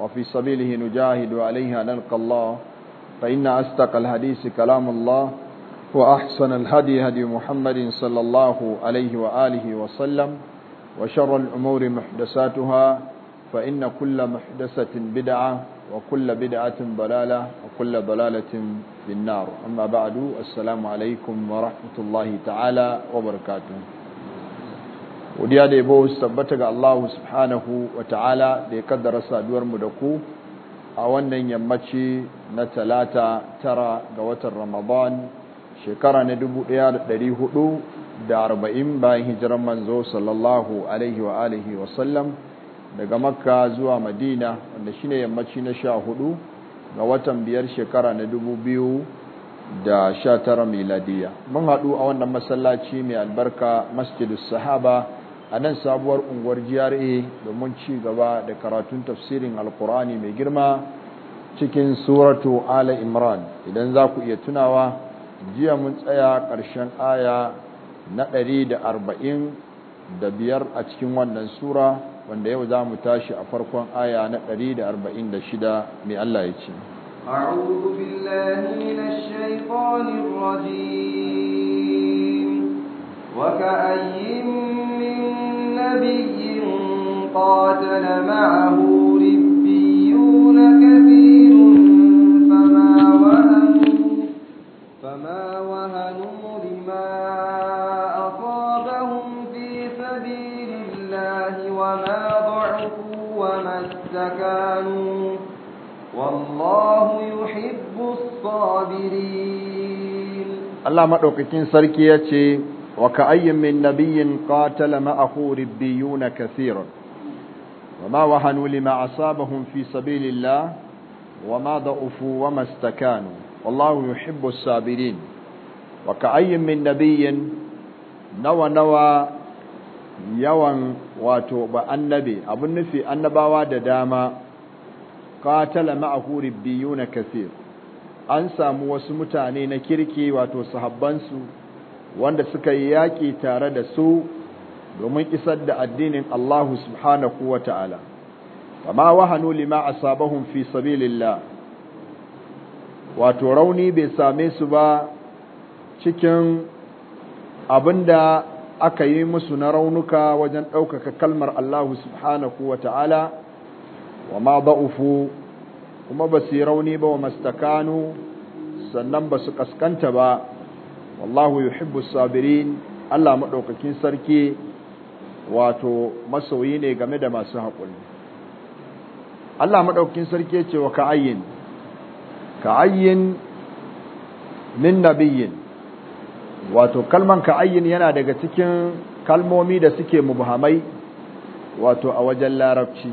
وفي سبيله نجاهد عليها نلقى الله فإن أصدق الحديث كلام الله وأحسن الهدي هدي محمد صلى الله عليه وآله وسلم وشر الأمور محدثاتها فإن كل محدثة بدعة وكل بدعة ضلالة وكل ضلالة في النار أما بعد السلام عليكم ورحمة الله تعالى وبركاته godiya da yabo su tabbata ga Allahu subhanahu wa ta'ala da ya kaddara saduwar mu da ku a wannan yammaci na talata tara ga watan Ramadan shekara na 1440 bayan hijiran manzo sallallahu alaihi wa alihi wa sallam daga Makka zuwa Madina wanda shine yammaci na 14 ga watan biyar shekara na 2000 da sha tara miladiya mun haɗu a wannan masallaci mai albarka masjidus sahaba a nan sabuwar unguwar GRA domin ci gaba da karatun tafsirin alkur'ani mai girma cikin suratu ala imran idan za ku iya tunawa jiya mun tsaya ƙarshen aya na ɗari da biyar a cikin wannan sura wanda yau za mu tashi a farkon aya na ɗari mai Allah ya ce وكأي قاتل معه ربيون كثير فما وهنوا, فما وهنوا لما أصابهم في سبيل الله وما ضعفوا وما استكانوا والله يحب الصابرين الله مدوكين سركي يace وكأي من نبي قاتل معه ربيون كثيرا وما وهنوا لما أصابهم في سبيل الله وما ضعفوا وما استكانوا والله يحب السابرين وكأي من نبي نوى نوى يوان واتوب النبي أبو النفي النبا واد داما قاتل معه ربيون كثير أنسى موس متانين كيركي واتو صحبانسو واند سكياكي تارد سوء domin isar da addinin Allah subhanahu wa ta'ala kama wahanu lima asabahum fi sabilillah wato rauni bai same su ba cikin abinda aka yi musu na raunuka wajen ɗaukaka kalmar Allah subhanahu wa ta'ala wa ma ba'ufu kuma ba su yi rauni ba wa mastakanu sannan ba su kaskanta ba wallahu yuhibbu sabirin Allah maɗaukakin sarki wato masoyi ne game da masu haƙuri Allah maɗaukin sarki ce wa ka'ayyin ka'ayyin min nabiyyin wato kalman ka'ayyin yana daga cikin kalmomi da suke mubhamai wato a wajen larabci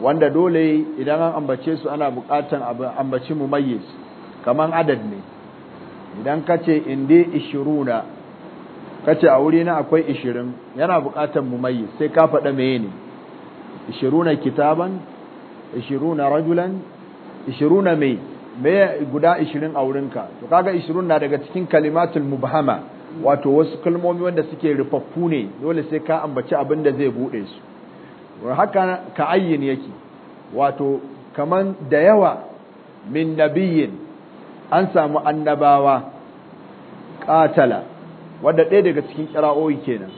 wanda dole idan an ambace su ana buƙatan ambaci mu mumayyiz kaman adad ne idan kace ce inde ishiruna kace a wuri na akwai 20 yana buƙatar mumayyi sai ka faɗa meye ne 20 kitaban 20 rajulan 20 mai me guda 20 a wurinka to kaga 20 na daga cikin kalimatul mubhama wato wasu kalmomi wanda suke rufaffu ne dole sai ka ambaci abin da zai buɗe su haka ka ayyin yake wato kaman da yawa min nabiyin an samu annabawa qatala wanda ɗaya daga cikin ƙira'o'i kenan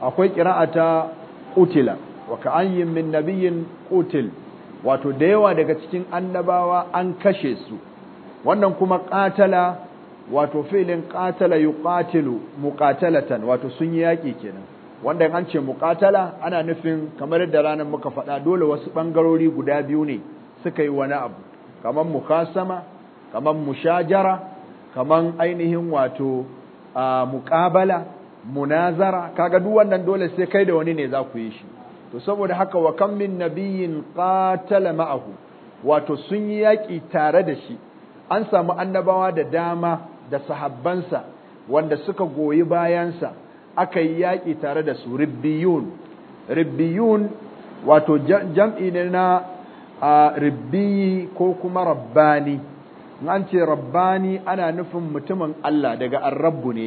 akwai ƙira'a ta ƙutila wa ka'ayyin min nabiyin kutil wato da yawa daga cikin annabawa an kashe su wannan kuma katala wato filin yi yuqatilu muqatalatan wato sun yi yaki kenan wanda an ce muqatala ana nufin kamar da ranar muka faɗa dole wasu bangarori guda biyu ne suka yi wani abu kamar mukasama kamar mushajara kamar ainihin wato muƙabala munazara kaga duk wannan dole sai kai da wani ne za ku yi shi to saboda haka wa kam min nabiyyin qatala ma'ahu wato sun yi yaki tare da shi an samu annabawa da dama da sahabbansa wanda suka goyi bayansa aka yi yaki tare da su ribbiyun ribbiyun wato jam'i ne na ribbi ko kuma rabbani an ce rabbani ana nufin mutumin Allah daga arrabbu ne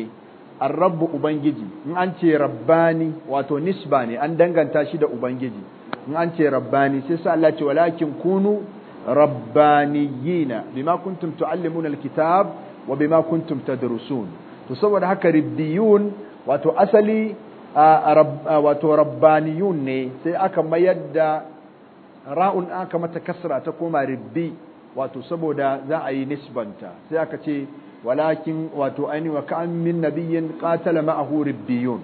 arrabbu ubangiji in an ce rabbani wato nisba ne an danganta shi da ubangiji in an ce rabbani sai sa Allah ce walakin kunu rabbaniyina bima kuntum tuallimuna alkitab wa bima kuntum tadrusun to saboda haka ribbiyun wato asali wato rabbaniyun ne sai aka mayar da ra'un aka mata kasra ta koma ribbi wato saboda za a yi nisbanta sai aka ce walakin wato aini wa ka'an min nabiyyin qatala ma'ahu ribbiyun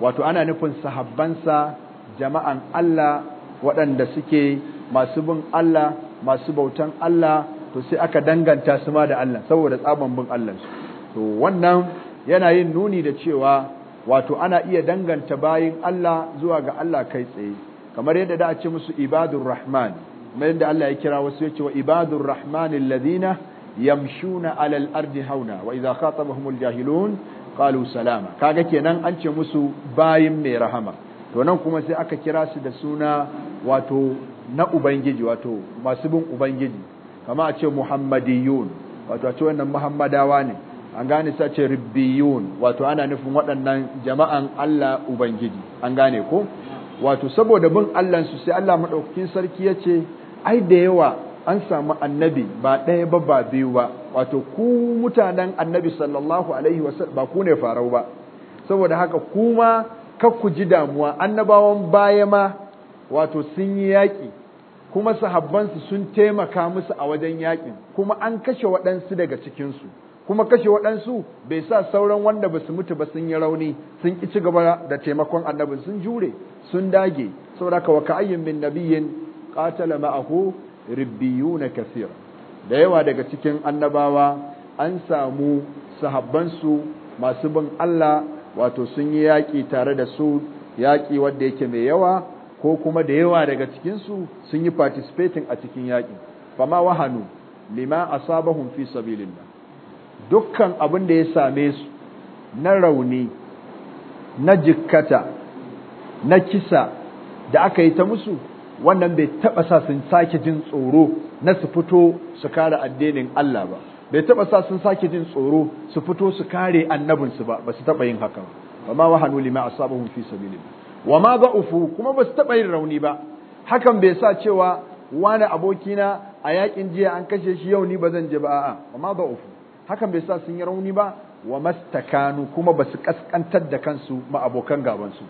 wato ana nufin sahabbansa jama'an Allah waɗanda suke masu bin Allah masu bautan Allah to sai aka danganta su ma da Allah saboda tsaban bin Allah to wannan yana yin nuni da cewa wato ana iya danganta bayin Allah zuwa ga Allah kai tsaye kamar yadda da a ce musu ibadur rahman kamar yadda Allah ya kira wasu ce wa ibadur rahmanin ladina yamshuna alal ardi hauna wa idza khatabahumul jahilun qalu salama kaga kenan an ce musu bayin mai rahama to nan kuma sai aka kira su da suna wato na ubangiji wato masu bin ubangiji kama a ce muhammadiyun wato a ce wannan muhammadawa ne an gane sa ce ribbiyun wato ana nufin waɗannan jama'an Allah ubangiji an gane ko wato saboda bin Allah su sai Allah madaukakin sarki ya ce ai da yawa an samu annabi ba ɗaya ba ba biyu ba wato ku mutanen annabi sallallahu alaihi wasallam ba ku ne farau ba saboda haka kuma ka ku ji damuwa annabawan baya ma wato sun yi yaƙi kuma sahabbansu sun taimaka musu a wajen yaƙin kuma an kashe waɗansu daga cikinsu kuma kashe waɗansu bai sa sauran wanda ba su mutu ba sun yi rauni sun ƙi ci gaba da taimakon annabi sun jure sun dage saboda haka wa ka'ayyin min nabiyyin qatala ma'ahu na kaseera da yawa daga cikin annabawa an samu sahabban su masu bin Allah wato sun yi yaki tare da su yaki wanda yake mai yawa ko kuma da yawa daga cikin su sun yi participating a cikin yaƙi fama wahanu lima asabahum fi sabilillah dukkan abin da ya same su na rauni na jikkata na kisa da aka yi ta musu wannan bai taɓa sa sun sake jin tsoro na su fito su kare addinin Allah ba bai taɓa sa sun sake jin tsoro su fito su kare annabinsu ba ba su taɓa yin haka ba ma hanu lima asabahum fi sabilin wa ma ufu kuma ba su taɓa yin rauni ba hakan bai sa cewa wani abokina a yakin jiya an kashe shi yau ni ba zan je ba a'a wa ma ufu. hakan bai sa sun yi rauni ba wa mastakanu kuma ba su kaskantar da kansu ma abokan gabansu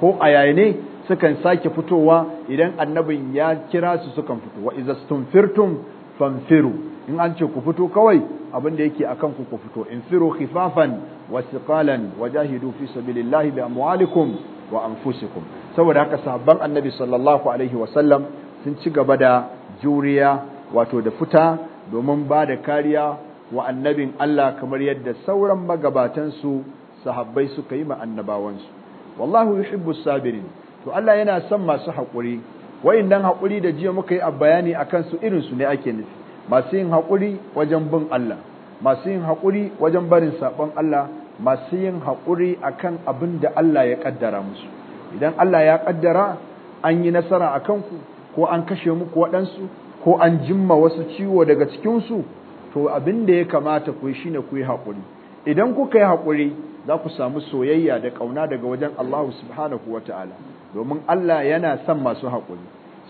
ko a yayi ne sukan sake fitowa idan annabin ya kira su sukan fito wa idza stunfirtum fanfiru in an ce ku fito kawai abin da yake akan ku ku fito infiru khifafan wa siqalan wajahidu fi sabilillahi bi amwalikum wa anfusikum saboda haka sahabban annabi sallallahu alaihi wa sallam sun ci gaba da juriya wato da fita domin ba da kariya wa annabin Allah kamar yadda sauran magabatansu sahabbai suka yi ma annabawansu wallahu yuhibbu sabirin to Allah yana son masu haƙuri nan haƙuri da jiya muka yi a bayani a kansu irinsu ne ake nufi masu yin haƙuri wajen bin Allah masu yin haƙuri wajen barin saɓon Allah masu yin haƙuri a kan abin da Allah ya ƙaddara musu idan Allah ya ƙaddara an yi nasara a kanku ko an kashe muku waɗansu ko an jimma wasu ciwo daga cikinsu to abin da ya kamata ku yi shine ku yi haƙuri idan kuka yi haƙuri za ku samu soyayya da ƙauna daga wajen Allah subhanahu wa ta'ala domin Allah yana son masu haƙuri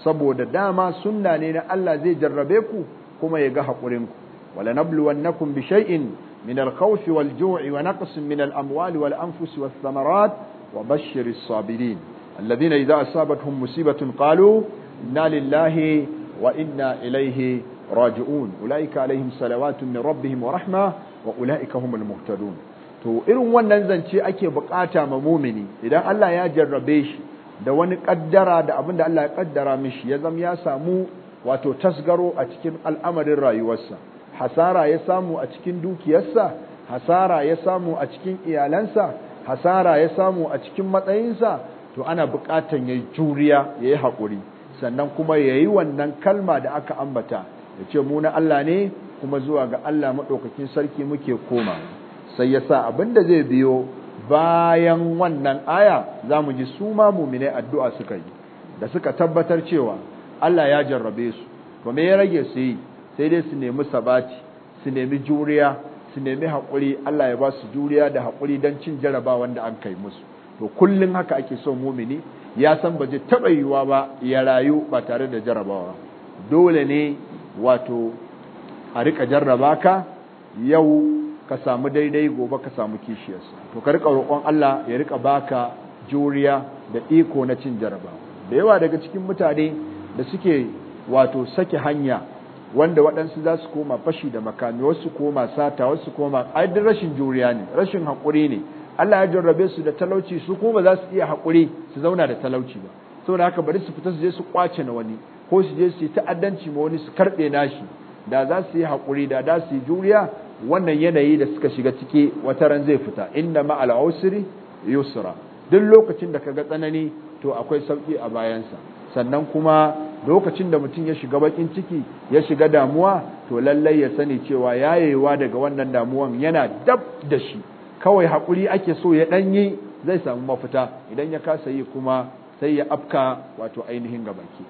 saboda dama sunna ne na Allah zai jarrabe ku kuma ya ga haƙurin ku wala nabluwannakum bi shay'in min al-khawfi wal-ju'i wa naqsin min al-amwali wal-anfusi was thamarat wa bashshir as-sabirin alladhina idha asabatuhum musibatun qalu inna lillahi wa inna ilayhi raji'un ulaika alaihim salawatun min rabbihim wa rahmah wa ulaika humul muhtadun to irin wannan zance ake bukata ma mumini idan Allah ya jarrabe shi da wani kaddara da abin da Allah ya kaddara mishi ya zama ya samu wato tasgaro a cikin al'amarin rayuwarsa hasara ya samu a cikin dukiyarsa hasara ya samu a cikin iyalansa hasara ya samu a cikin matsayinsa to ana buƙatan ya yi juriya ya yi haƙuri sannan kuma ya yi wannan kalma da aka ambata ya ce mu na Allah ne kuma zuwa ga Allah maɗaukakin sarki muke koma sai ya sa abin da zai biyo bayan wannan aya za mu ji su ma muminai addu'a suka yi da suka tabbatar cewa Allah ya jarrabe su to me ya rage su yi sai dai su nemi sabati su nemi juriya su nemi haƙuri Allah ya ba su juriya da haƙuri don cin jaraba wanda an kai musu to kullum haka ake son mumini ya san ba je taɓa yiwuwa ba ya rayu ba tare da jarabawa dole ne wato a rika jarraba ka yau ka samu daidai gobe ka samu kishiyarsa to ka rika roƙon Allah ya rika baka juriya da iko na cin jaraba da yawa daga cikin mutane da suke wato sake hanya wanda waɗansu za su koma fashi da makami wasu koma sata wasu koma aidin rashin juriya ne rashin haƙuri ne Allah ya jarrabe su da talauci su kuma za su iya haƙuri su zauna da talauci ba saboda haka bari su fita su je su kwace na wani ko su je su yi ta'addanci ma wani su karɓe nashi da za su yi haƙuri da da su yi juriya wannan yanayi da suka shiga ciki wata ran zai fita inna ma'al usri yusra duk lokacin da kaga tsanani to akwai sauki a bayansa sannan kuma lokacin da mutum ya shiga bakin ciki ya shiga damuwa to lallai ya sani cewa yayewa daga wannan damuwan yana dab da shi kawai hakuri ake so ya danyi zai samu mafita idan ya kasa yi kuma sai ya afka wato ainihin gabaki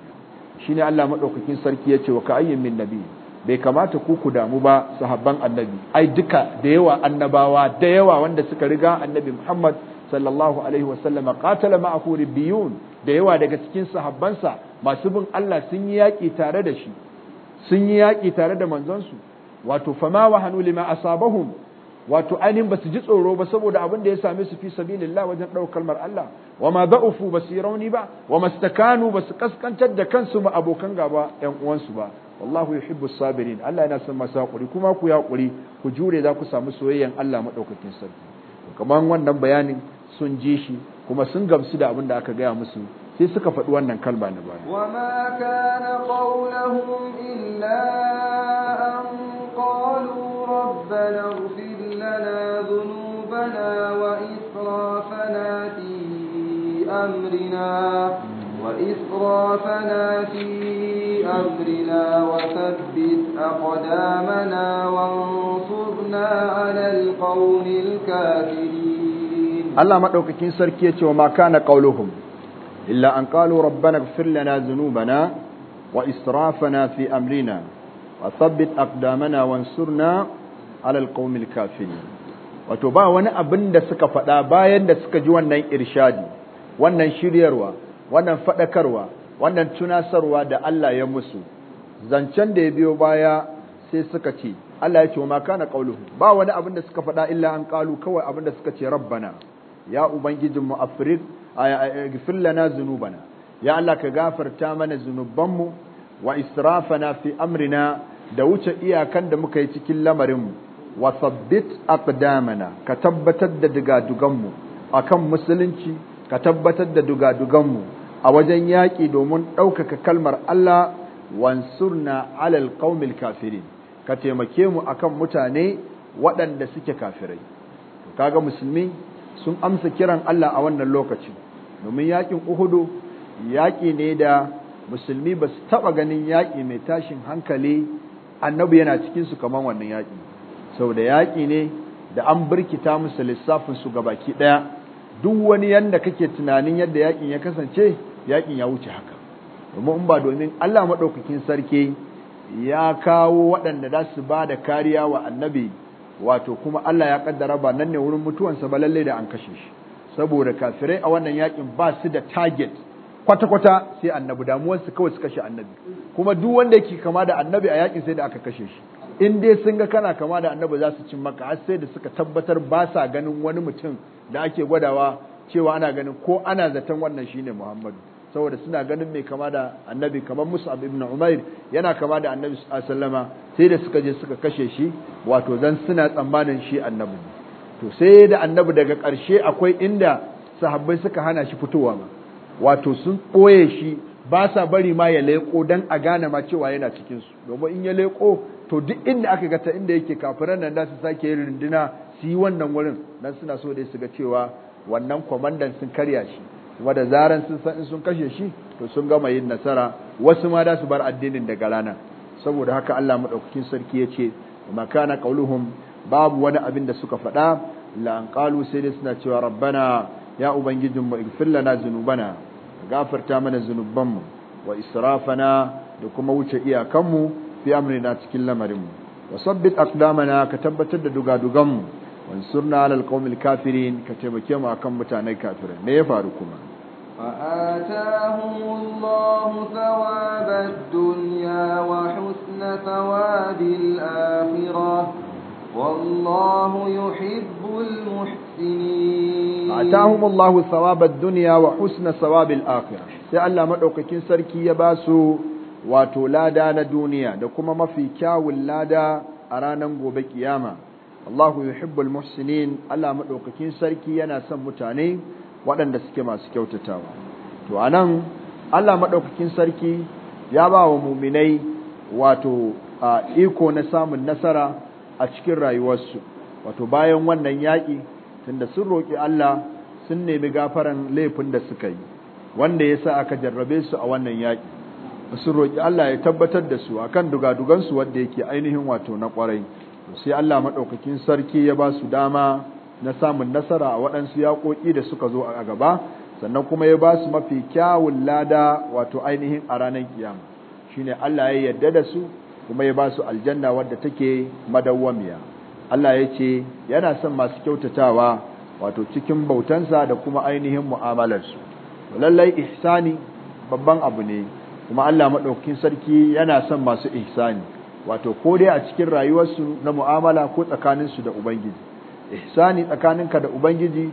shine Allah madaukakin sarki yace wa ka ayyin min nabiyyi bai kamata ku ku damu ba sahabban annabi ai duka da yawa annabawa da yawa wanda suka riga annabi Muhammad sallallahu alaihi sallama qatala ma'ahu biyun da yawa daga cikin sahabbansa masu bin Allah sun yi yaƙi tare da shi sun yi yaƙi tare da manzonsu wato fama wahanu lima asabahum wato ainihin ba su ji tsoro ba saboda abin da ya same su fi sabilillah wajen ɗaukar kalmar Allah wa ma da'ufu ba su yi rauni ba wa mastakanu ba su kaskantar da kansu ba abokan gaba yan uwansu ba wallahu yuhibbu sabirin Allah yana son masu hakuri kuma ku yi hakuri ku jure za ku samu soyayyen Allah madaukakin sarki kamar wannan bayanin sun ji shi kuma sun gamsu da abin da aka gaya musu sai suka faɗi wannan kalma na baya wa ma kana qawluhum illa an qalu rabbana ighfir lana dhunubana wa israfana fi amrina وإسرافنا في أمرنا وثبت أقدامنا وانصرنا على القوم الكافرين الله مدوكين سركي وما كان قولهم إلا أن قالوا ربنا اغفر لنا ذنوبنا وإسرافنا في أمرنا وثبت أقدامنا وانصرنا على القوم الكافرين wato ba wani abin da suka faɗa bayan da suka ji wannan irshadi wannan shiryarwa wannan faɗakarwa wannan tunasarwa da Allah ya musu zancen da ya biyo baya sai suka ce Allah ya ce ma kana qauluhu ba wani abin da suka faɗa illa an qalu kawai abin da suka ce rabbana ya ubangijin mu afrid gifir lana zunubana ya Allah ka gafarta mana zunubanmu wa israfana fi amrina da wuce iyakan da muka yi cikin lamarinmu wa sabbit aqdamana ka tabbatar da mu akan musulunci ka tabbatar da dugadugan mu a wajen yaƙi domin ɗaukaka kalmar Allah wansurna alal qaumil kafirin ka taimake mu akan mutane waɗanda suke kafirai kaga musulmi sun amsa kiran Allah a wannan lokaci domin yaƙin Uhudu yaƙi ne da musulmi ba su taɓa ganin yaƙi mai tashin hankali annabi yana cikin su kamar wannan yaƙi sau da yaƙi ne da an birkita musu lissafin su gabaki ɗaya duk wani yadda kake tunanin yadda yaƙin ya kasance yakin ya wuce haka domin ba domin Allah madaukakin sarki ya kawo waɗanda za su ba da kariya wa annabi wato kuma Allah ya kaddara ba nan ne wurin mutuwansa ba lalle da an kashe shi saboda kafirai a wannan yakin ba su da target kwata-kwata sai annabi su kawai su kashe annabi kuma duk wanda yake kama da annabi a yakin sai da aka kashe shi in dai sun ga kana kama da annabi za su cin maka har sai da suka tabbatar ba sa ganin wani mutum da ake gwadawa cewa ana ganin ko ana zaton wannan shine Muhammadu saboda suna ganin mai kama da annabi kamar Mus'ab ibn Umair yana kama da annabi sallama sai da suka je suka kashe shi wato zan suna tsammanin shi annabi to sai da annabi daga karshe akwai inda sahabbai suka hana shi fitowa ma wato sun ɓoye shi ba sa bari ma ya leƙo don a gane ma cewa yana cikin su domin in ya leƙo to duk inda aka gata inda yake kafiran nan da su sake yin runduna su yi wannan wurin dan suna so dai su ga cewa wannan kwamandan sun karya shi kuma da zaran sun san in sun kashe shi to sun gama yin nasara wasu ma da su bar addinin daga rana saboda haka Allah madaukakin sarki ya ce makana qauluhum babu wani abin da suka faɗa la an qalu sai dai suna cewa rabbana ya ubangijin mu ighfir lana zunubana gafarta mana mu wa israfana da kuma wuce iyakanmu fi amrina cikin lamarinmu wa sabbit aqdamana ka tabbatar da mu wansurna alal qaumil kafirin ka taimake mu akan mutanen kafirin me ya faru kuma fa'atahumullahu thawabad dunya wa husna thawabil akhirah wallahu yuhibbul muhsinin atahumullahu thawabad dunya wa husna thawabil akhirah sai Allah madaukakin sarki ya ba su wato lada na duniya da kuma mafi kyawun lada a ranar gobe kiyama Allahu yuhibbul muhsinin Allah madaukakin sarki yana son mutane waɗanda suke masu kyautatawa to anan Allah madaukakin sarki ya ba wa mu'minai wato iko na samun nasara a cikin rayuwarsu wato bayan wannan yaki tunda sun roƙi Allah sun nemi gafaran laifin da suka yi wanda yasa aka jarrabe su a wannan yaki sun roƙi Allah ya tabbatar da su akan dugadugansu wanda yake ainihin wato na kwarai. sai Allah maɗaukakin sarki ya ba su dama na samun nasara a waɗansu yaƙoƙi da suka zo a gaba sannan kuma ya ba su mafi kyawun lada wato ainihin a ranar kiyama shine Allah ya yarda da su kuma ya ba su aljanna wadda take madawwamiya Allah ya ce yana son masu kyautatawa wato cikin bautansa da kuma ainihin mu'amalarsu lallai ihsani babban abu ne kuma Allah maɗaukakin sarki yana son masu ihsani wato ko dai a cikin rayuwarsu na mu'amala ko tsakaninsu da ubangiji ihsani tsakaninka da ubangiji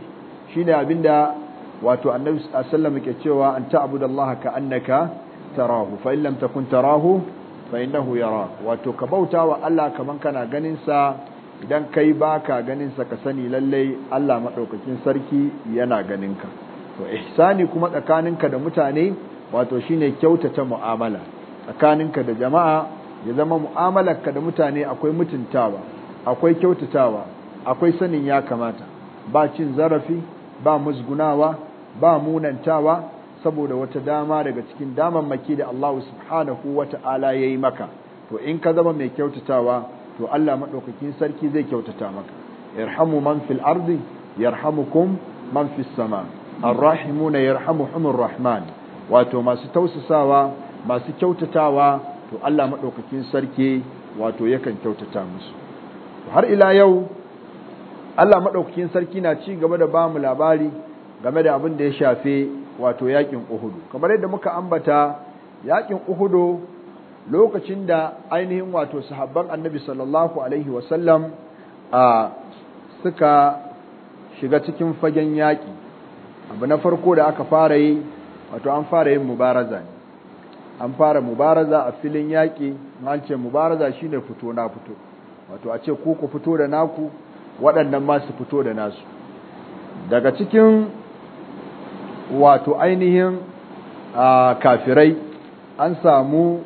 shine abinda wato annabi sallallahu alaihi ke cewa an ta'budu ka annaka tarahu fa illam takun tarahu fa innahu yara wato ka bauta wa Allah kaman kana ganin sa idan kai baka ganin sa ka sani lallai Allah madaukakin sarki yana ganin ka to ihsani kuma tsakaninka da mutane wato shine kyautata mu'amala tsakaninka da jama'a ya zama ka da mutane akwai mutuntawa akwai kyautatawa akwai sanin ya kamata ba cin zarafi ba musgunawa ba munantawa saboda wata dama daga cikin damammaki da Allah subhanahu wata'ala yi maka to in ka zama mai kyautatawa to Allah madaukakin sarki zai kyautata maka yarhamu man fil ardi yarhamukum man fis sama arrahimuna yarhamuhumur rahman wato masu tausasawa masu kyautatawa to Allah maɗaukakin sarki wato yakan kyautata musu har ila yau Allah maɗaukakin sarki na ci gaba da bamu labari game da abin da ya shafe wato yakin Uhudu kamar yadda muka ambata yakin Uhudu lokacin da ainihin wato sahabban Annabi sallallahu alaihi wasallam a suka shiga cikin fagen yaƙi abu na farko da aka fara yi wato an fara yin mubaraza ne an fara mubaraza a filin yaƙi an ce mubaraza shine fito na fito wato a ce ku ku fito da naku waɗannan masu fito da nasu daga cikin wato ainihin kafirai an samu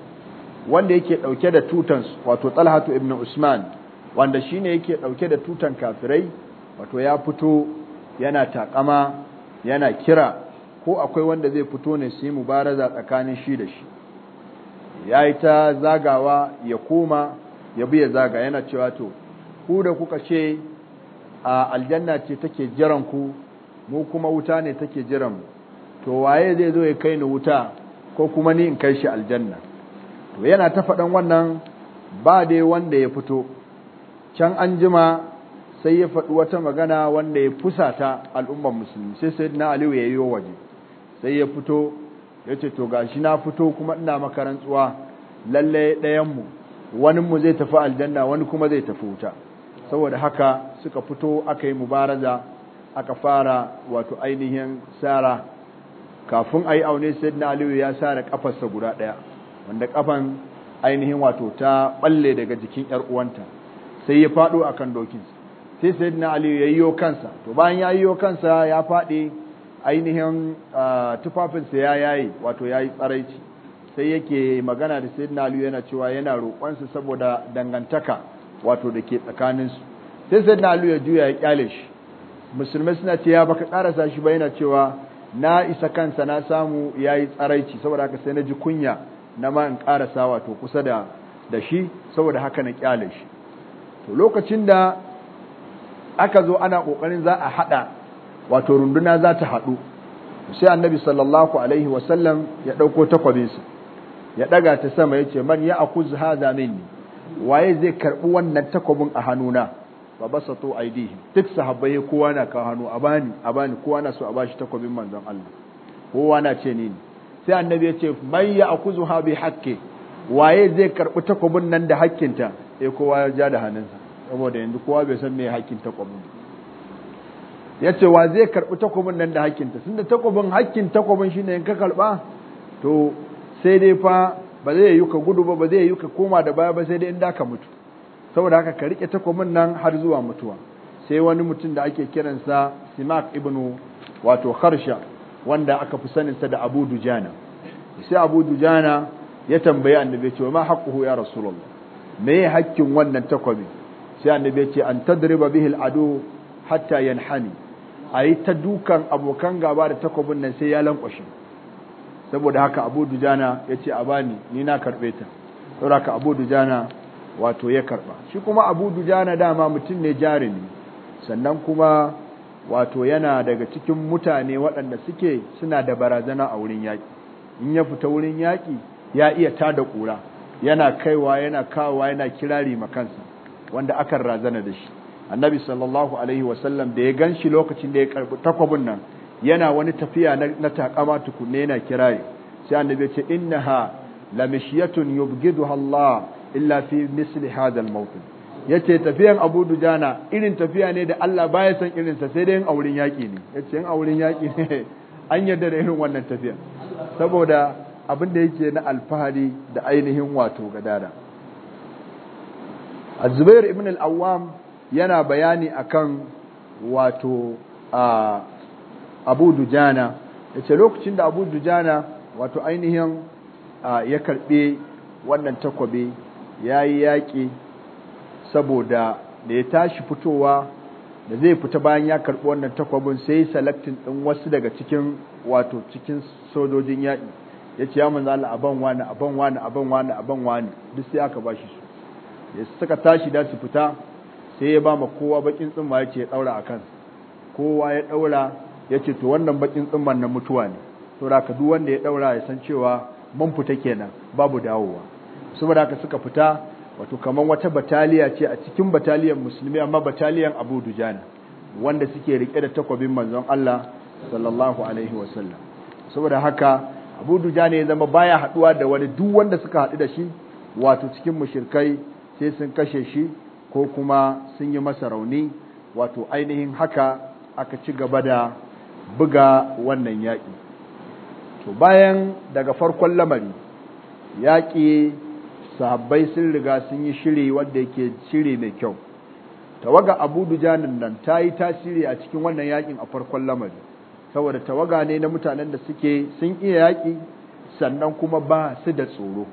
wanda yake ɗauke da tutansu wato talhatu ibn usman wanda shine yake ɗauke da tutan kafirai wato ya fito yana taƙama yana kira ko akwai wanda zai fito ne su yi mubaraza tsakanin shi da shi ya yi ta zagawa ya koma ya biya ya zaga yana cewa to ku da kuka ce a aljanna ce take jiran ku mu kuma wuta ne take jiran mu to waye zai zo ya kai ni wuta ko kuma ni in kai shi aljanna to yana ta faɗan wannan ba dai wanda ya fito can an jima sai ya faɗi wata magana wanda ya fusata al'umman musulmi sai na aliyu ya yi waje sai ya fito ya ce to gashi na fito kuma ina makarantsuwa rantsuwa lalle ɗayan mu wani mu zai tafi aljanna wani kuma zai tafi wuta saboda haka suka fito aka yi mubaraza aka fara wato ainihin sara kafin ayi aune sayyidina aliyu ya sara kafarsa guda ɗaya wanda kafan ainihin wato ta ɓalle daga jikin yar uwanta sai ya faɗo akan dokin sai sayyidina aliyu yayyo kansa to bayan ya yayyo kansa ya faɗi. ainihin tufafinsa ya yayi wato ya yi tsaraici sai yake magana da sayyidina Ali yana cewa yana roƙonsa saboda dangantaka wato da ke tsakaninsu sai sayyidina Ali ya juya ya kyale shi musulmai suna ce ya baka karasa shi ba yana cewa na isa kansa na samu ya yi tsaraici saboda haka sai na ji kunya na ma in karasa wato kusa da da shi saboda haka na kyale shi to lokacin da aka zo ana kokarin za a haɗa. wato runduna za ta haɗu sai annabi sallallahu alaihi wasallam ya ɗauko takwabinsa ya ɗaga ta sama ya ce man ya akuz haza minni waye zai karɓi wannan takwabin a hannuna ba basa to aidihim duk sahabbai kowa na ka hannu a bani a bani kowa na so a bashi takwabin manzon Allah kowa na ce ni ne sai annabi ya ce man ya akuzu ha bi hakke waye zai karɓi takwabin nan da hakkinta eh kowa ya ja da hannunsa saboda yanzu kowa bai san me hakkin takwabin ba ya ce wa zai karɓi takobin nan da hakkinta da takobin hakkin takobin shine in ka karɓa to sai dai fa ba zai yi ka gudu ba ba zai yi ka koma da baya ba sai dai inda ka mutu saboda haka ka riƙe takobin nan har zuwa mutuwa sai wani mutum da ake kiransa simak ibnu wato harshe wanda aka fi saninsa da abu dujana sai abu dujana ya tambayi annabi cewa ma hu ya rasulullah me hakkin wannan takobi sai annabi ya ce an tadriba bihi al-adu hatta yanhani a yi ta dukan abokan gaba da takobin nan sai ya lankwashe saboda haka abu dujana ya ce a bani ni na karɓe ta saboda haka abu dujana wato ya karɓa shi kuma abu dujana dama mutum ne jarumi sannan kuma wato yana daga cikin mutane waɗanda suke suna da barazana a wurin yaƙi in ya fita wurin yaƙi ya iya tada ƙura yana kaiwa yana kawowa yana kirari makansa wanda akan razana da shi annabi sallallahu alaihi wasallam da ya ganshi lokacin da ya karbi takwabin nan yana wani tafiya na takama tukunne yana kiraye sai annabi ya ce innaha lamishiyatun yubgidu Allah illa fi misli hadha al Ya yace tafiyan Abu Dujana irin tafiya ne da Allah baya san irin sa sai dai auren yaki ne yace in auren yaki ne an yarda da irin wannan tafiya saboda abin da yake na alfahari da ainihin wato gadara A zubair ibn al-Awwam yana bayani akan wato Abu Dujana yace lokacin da Abu Dujana wato ainihin ya karbe wannan takwabe yayi yaki saboda da ya tashi fitowa da zai fita bayan ya karbi wannan takwabin sai selecting din wasu daga cikin wato cikin sojojin yaki yace ya manzo Allah aban wani aban wani aban wani aban wani duk sai aka bashi su suka tashi da su fita sai ya ba ma kowa bakin tsumma ya ce ya daura a kansa kowa ya daura ya ce to wannan bakin tsumman na mutuwa ne saboda ka duk wanda ya daura ya san cewa mun fita kenan babu dawowa saboda haka suka fita wato kaman wata bataliya ce a cikin bataliyan musulmi amma bataliyan Abu Dujana wanda suke rike da takwabin manzon Allah sallallahu alaihi wasallam saboda haka Abu Dujana ya zama baya haduwa da wani duk wanda suka hadu da shi wato cikin mushrikai sai sun kashe shi ko kuma sun yi masa rauni wato ainihin haka aka ci gaba da buga wannan yaƙi to bayan daga farkon lamari yaƙi sahabbai sun riga sun yi shiri wanda yake shiri mai kyau tawaga abu dujanin nan ta yi tasiri a cikin wannan yaƙin a farkon lamari saboda tawaga ne na mutanen da suke sun iya yaƙi sannan kuma ba su da tsoro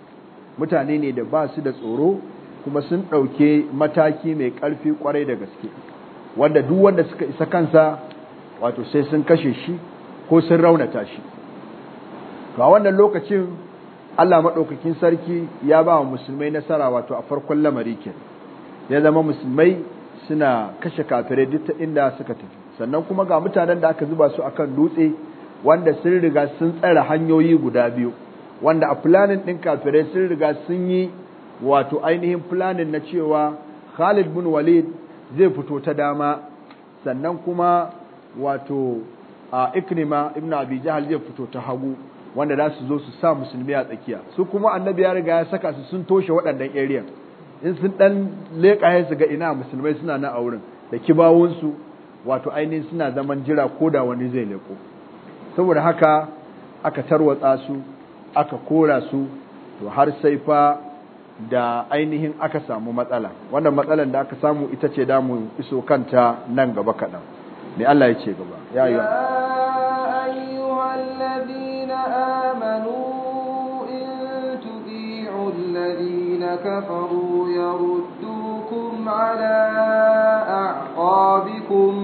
mutane ne da ba su da tsoro kuma sun ɗauke mataki mai ƙarfi ƙwarai da gaske wanda duk wanda suka isa kansa wato sai sun kashe shi ko sun raunata shi to a wannan lokacin Allah maɗaukakin sarki ya ba wa musulmai nasara wato a farkon lamari ke ya zama musulmai suna kashe kafirai duk ta inda suka tafi sannan kuma ga mutanen da aka zuba su akan dutse wanda sun riga sun tsare hanyoyi guda biyu wanda a fulanin ɗin kafirai sun riga sun yi wato ainihin planning na cewa Khalid bin Walid zai fito ta dama sannan kuma wato a Ikrima ibn Abi jahal zai fito ta hagu wanda za su zo su sa musulmi a tsakiya su kuma annabi ya riga ya saka su sun toshe waɗannan area in sun dan leƙa ya su ga ina musulmai suna na auren da kibawunsu wato ainihin suna zaman jira ko da wani zai leko saboda haka aka tarwatsa su aka kora su to har sai fa da ainihin aka samu matsala wannan matsalan da aka samu ita ce da iso kanta nan gaba kaɗan me Allah ya ce gaba ya yi ayyuhallazina amanu in tuti'u alladhina kafaru yaruddukum ala a'qabikum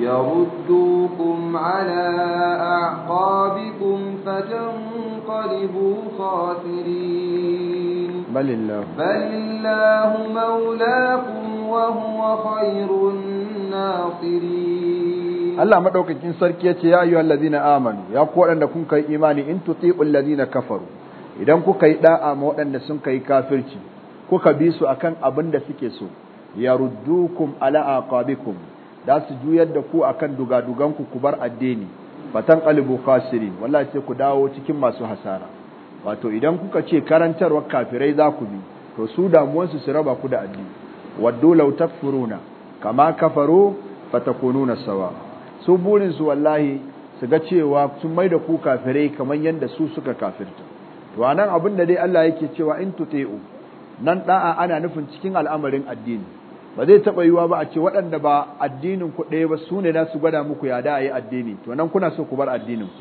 يردوكم على أعقابكم فتنقلبوا خاسرين بل الله بل الله مولاكم وهو خير الناصرين الله madaukakin sarki ya ayyuhal ladina amanu ya ku wadanda kun imani in tuti'ul ladina kafaru idan kuka yi da'a ma wadanda sun kai kafirci kuka bi su akan abin da suke so yaruddukum ala aqabikum da su juyar da ku akan dugadugan ku ku bar addini fatan qalbu khasirin wallahi sai ku dawo cikin masu hasara wato idan kuka ce karantarwar kafirai za ku bi to su damuwansu su raba ku da addini waddu law takfuruna kama kafaru fatakununa sawa su burin su wallahi su ga cewa sun maida ku kafirai kamar yadda su suka kafirta to anan abin da dai Allah yake cewa in tuti'u nan da'a ana nufin cikin al'amarin addini ba zai taba yiwa ba a ce waɗanda ba addinin ku ɗaya ba su ne za su gwada muku ya da ayi addini to nan kuna so ku bar addinin ku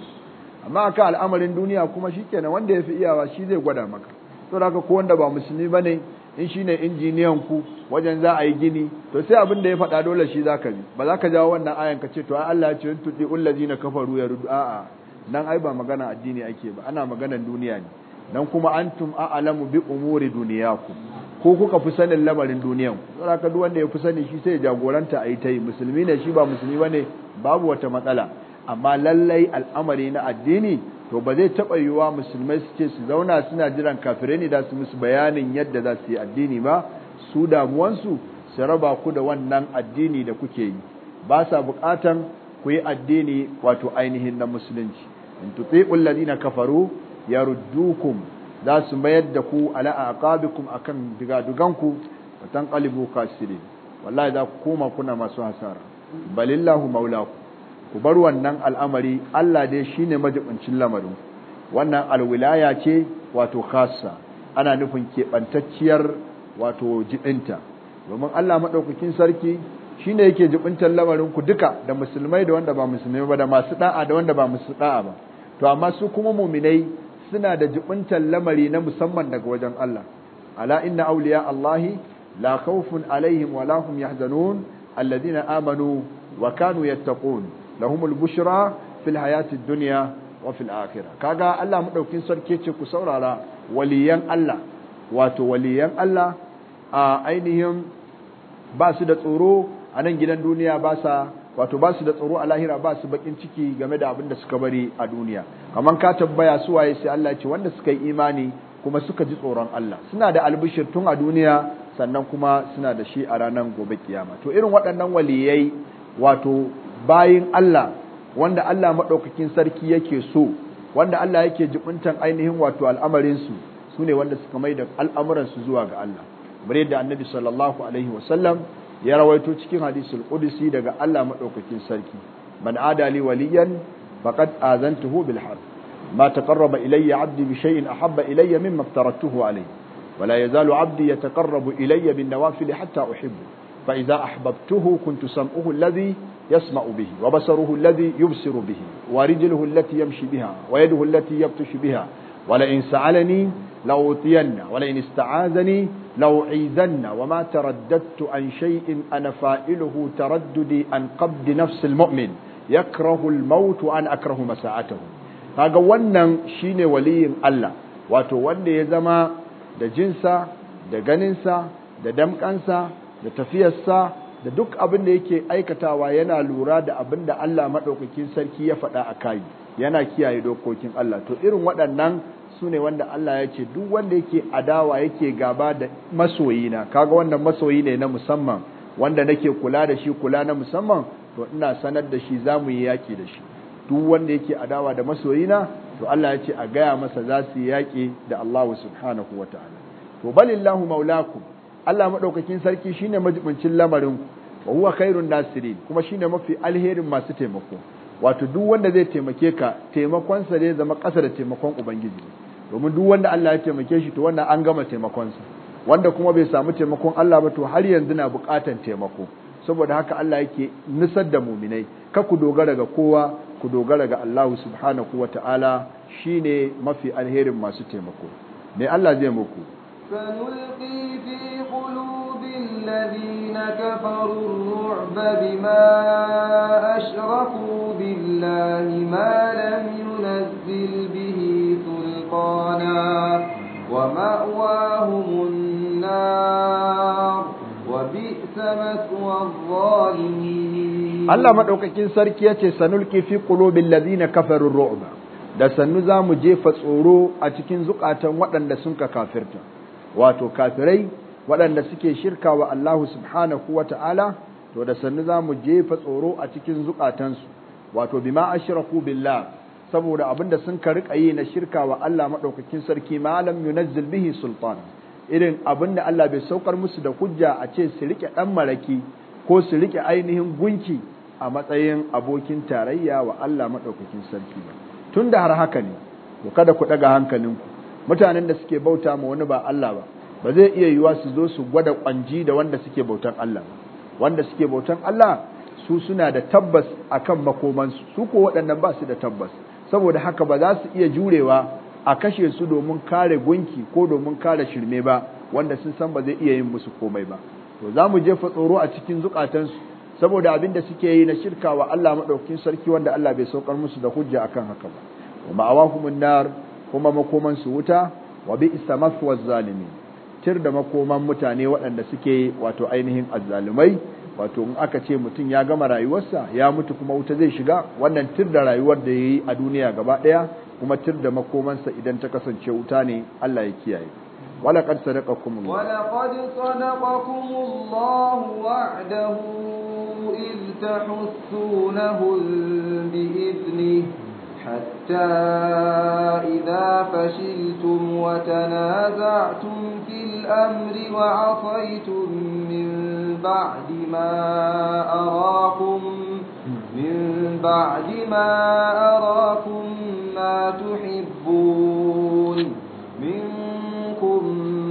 amma aka al'amarin duniya kuma shi shikenan wanda ya fi iyawa shi zai gwada maka to haka ko wanda ba musulmi bane in shine injiniyan ku wajen za a yi gini to sai abin da ya faɗa dole shi zaka bi ba za ka jawo wannan ayan ka ce to ai Allah ya ce tudi ullazina kafaru ya rudu a'a nan ai ba magana addini ake ba ana magana duniya ne dan kuma antum a'lamu bi umuri dunyakum ko kuka fi sanin lamarin duniyan saboda ka duk wanda ya fi sani shi sai ya jagoranta ayi ta yi musulmi ne shi ba musulmi bane babu wata matsala amma lallai al'amari na addini to ba zai taɓa yiwuwa musulmai su ce su zauna suna jiran kafirai ne da su musu bayanin yadda za su yi addini ba su damuwansu su raba ku da wannan addini da kuke yi ba sa buƙatan ku yi addini wato ainihin na musulunci in tuti'u na kafaru ya yaruddukum za su mayar da ku ala aqabikum akan digaduganku tan tanqalibu kasiri wallahi za ku koma kuna masu hasara balillahu maulaku ku bar wannan al'amari Allah dai shine majibincin lamarin wannan alwilaya ce wato khassa ana nufin keɓantacciyar wato jibinta domin Allah maɗaukakin sarki shine yake jibintar lamarin ku duka da musulmai da wanda ba musulmai ba da masu da'a da wanda ba musu da'a ba to amma su kuma muminai suna da jibintar lamari na musamman daga wajen Allah ala inna awliya Allahi la khawfun alaihim wa lahum yahzanun alladhina amanu wa kanu yattaqun lahumul bushra fil hayatid dunya wa fil akhirah kaga Allah madaukin sarki ce ku saurara waliyan Allah wato waliyan Allah a ainihin ba su da tsoro a nan gidan duniya ba sa wato ba su da tsoro a lahira ba su bakin ciki game da abin da suka bari a duniya kamar ka tabbaya su waye sai Allah ce wanda suka yi imani kuma suka ji tsoron Allah suna da albishir tun a duniya sannan kuma suna da shi a ranar gobe kiyama to irin waɗannan waliyai wato bayin Allah wanda Allah maɗaukakin sarki yake so wanda Allah yake jibintan ainihin wato al'amarinsu su ne wanda suka mai da al'amuransu zuwa ga Allah bare annabi sallallahu alaihi wasallam ya rawaito cikin hadisul qudsi daga Allah maɗaukakin sarki man adali waliyan faqad azantuhu bil harb ma taqarraba ilayya 'abdi bi shay'in ahabba ilayya mimma aftaratuhu alayhi ولا يزال عبدي يتقرب إلي بالنوافل حتى أحبه فإذا أحببته كنت سمعه الذي يسمع به وبصره الذي يبصر به ورجله التي يمشي بها ويده التي يبطش بها ولئن سألني لأوتين ولئن استعاذني لأعيذن وما ترددت عن شيء أنا فائله ترددي عن قبض نفس المؤمن يكره الموت وأن أكره مساعته فقوانا شين ولي الله وتولي wato دجنسا دجننسا ددمكنسا دتفيسا da duk abin da yake aikatawa yana lura da abin da Allah maɗaukakin sarki ya faɗa a kai yana kiyaye dokokin Allah to irin waɗannan su ne wanda Allah ya ce duk wanda yake adawa yake gaba da masoyina kaga wannan masoyi ne na musamman wanda nake kula da shi kula na musamman to ina sanar da shi za mu yi yaƙi da shi duk wanda yake adawa da masoyina to Allah ya ce a gaya masa za su yi yaƙi da Allah subhanahu wa ta'ala to balillahu maulakum Allah maɗaukakin sarki shi ne majibincin lamarin wa huwa khairun nasirin kuma shi ne mafi alherin masu taimako wato duk wanda zai taimake ka taimakonsa zai zama ƙasa da taimakon ubangiji domin duk wanda Allah ya taimake shi to wannan an gama taimakonsa. wanda kuma bai samu taimakon Allah ba to har yanzu na buƙatar taimako saboda haka Allah yake nisar da muminai ka ku dogara ga kowa ku dogara ga Allah subhanahu wa ta'ala shine mafi alherin masu taimako me Allah zai muku فنلقي في قلوب الذين كفروا الرعب بما أشرفوا بالله ما لم ينزل به سلطانا ومأواهم النار وبئس مثوى الظالمين الله مدوكاكين سركي سنلقي في قلوب الذين كفروا الرعب da sannu za mu jefa tsoro a cikin zukatan waɗanda sun ka kafirta wato kafirai waɗanda suke shirka wa Allah subhanahu wa ta'ala to da sannu za mu jefa tsoro a cikin zukatansu wato bima ashraku billah saboda abinda sun ka rika yi na shirka wa Allah maɗaukakin sarki malam yunazzil bihi sultan irin abinda Allah bai saukar musu da hujja a ce su rike ɗan maraki ko su rike ainihin gunki a matsayin abokin tarayya wa Allah maɗaukakin sarki ba tunda har haka ne to kada ku daga hankalinku mutanen da suke bauta ma wani ba Allah ba ba zai iya yiwa su zo su gwada kwanji da wanda suke bautan Allah wanda suke bautan Allah su suna da tabbas akan makomansu su ko waɗannan ba su da tabbas saboda haka ba za su iya jurewa a kashe su domin kare gunki ko domin kare shirme ba wanda sun san ba zai iya yin musu komai ba to za mu jefa tsoro a cikin zukatansu saboda abin da suke yi na shirka wa Allah maɗaukin sarki wanda Allah bai saukar musu da hujja akan haka ba ma'awahumun nar kuma makoman su wuta wa bi istamafwa zalimi tir da makoman mutane waɗanda suke wato ainihin azzalumai wato in aka ce mutum ya gama rayuwarsa ya mutu kuma wuta zai shiga wannan tir da rayuwar da ya yi a duniya gaba ɗaya kuma tir da makomansa idan ta kasance wuta ne Allah ya kiyaye ولقد صدقكم الله ولقد صدقكم الله وعده إذ تحسونهم بإذنه حتى إذا فشلتم وتنازعتم في الأمر وعصيتم من بعد ما أراكم من بعد ما أراكم ما تحبون منكم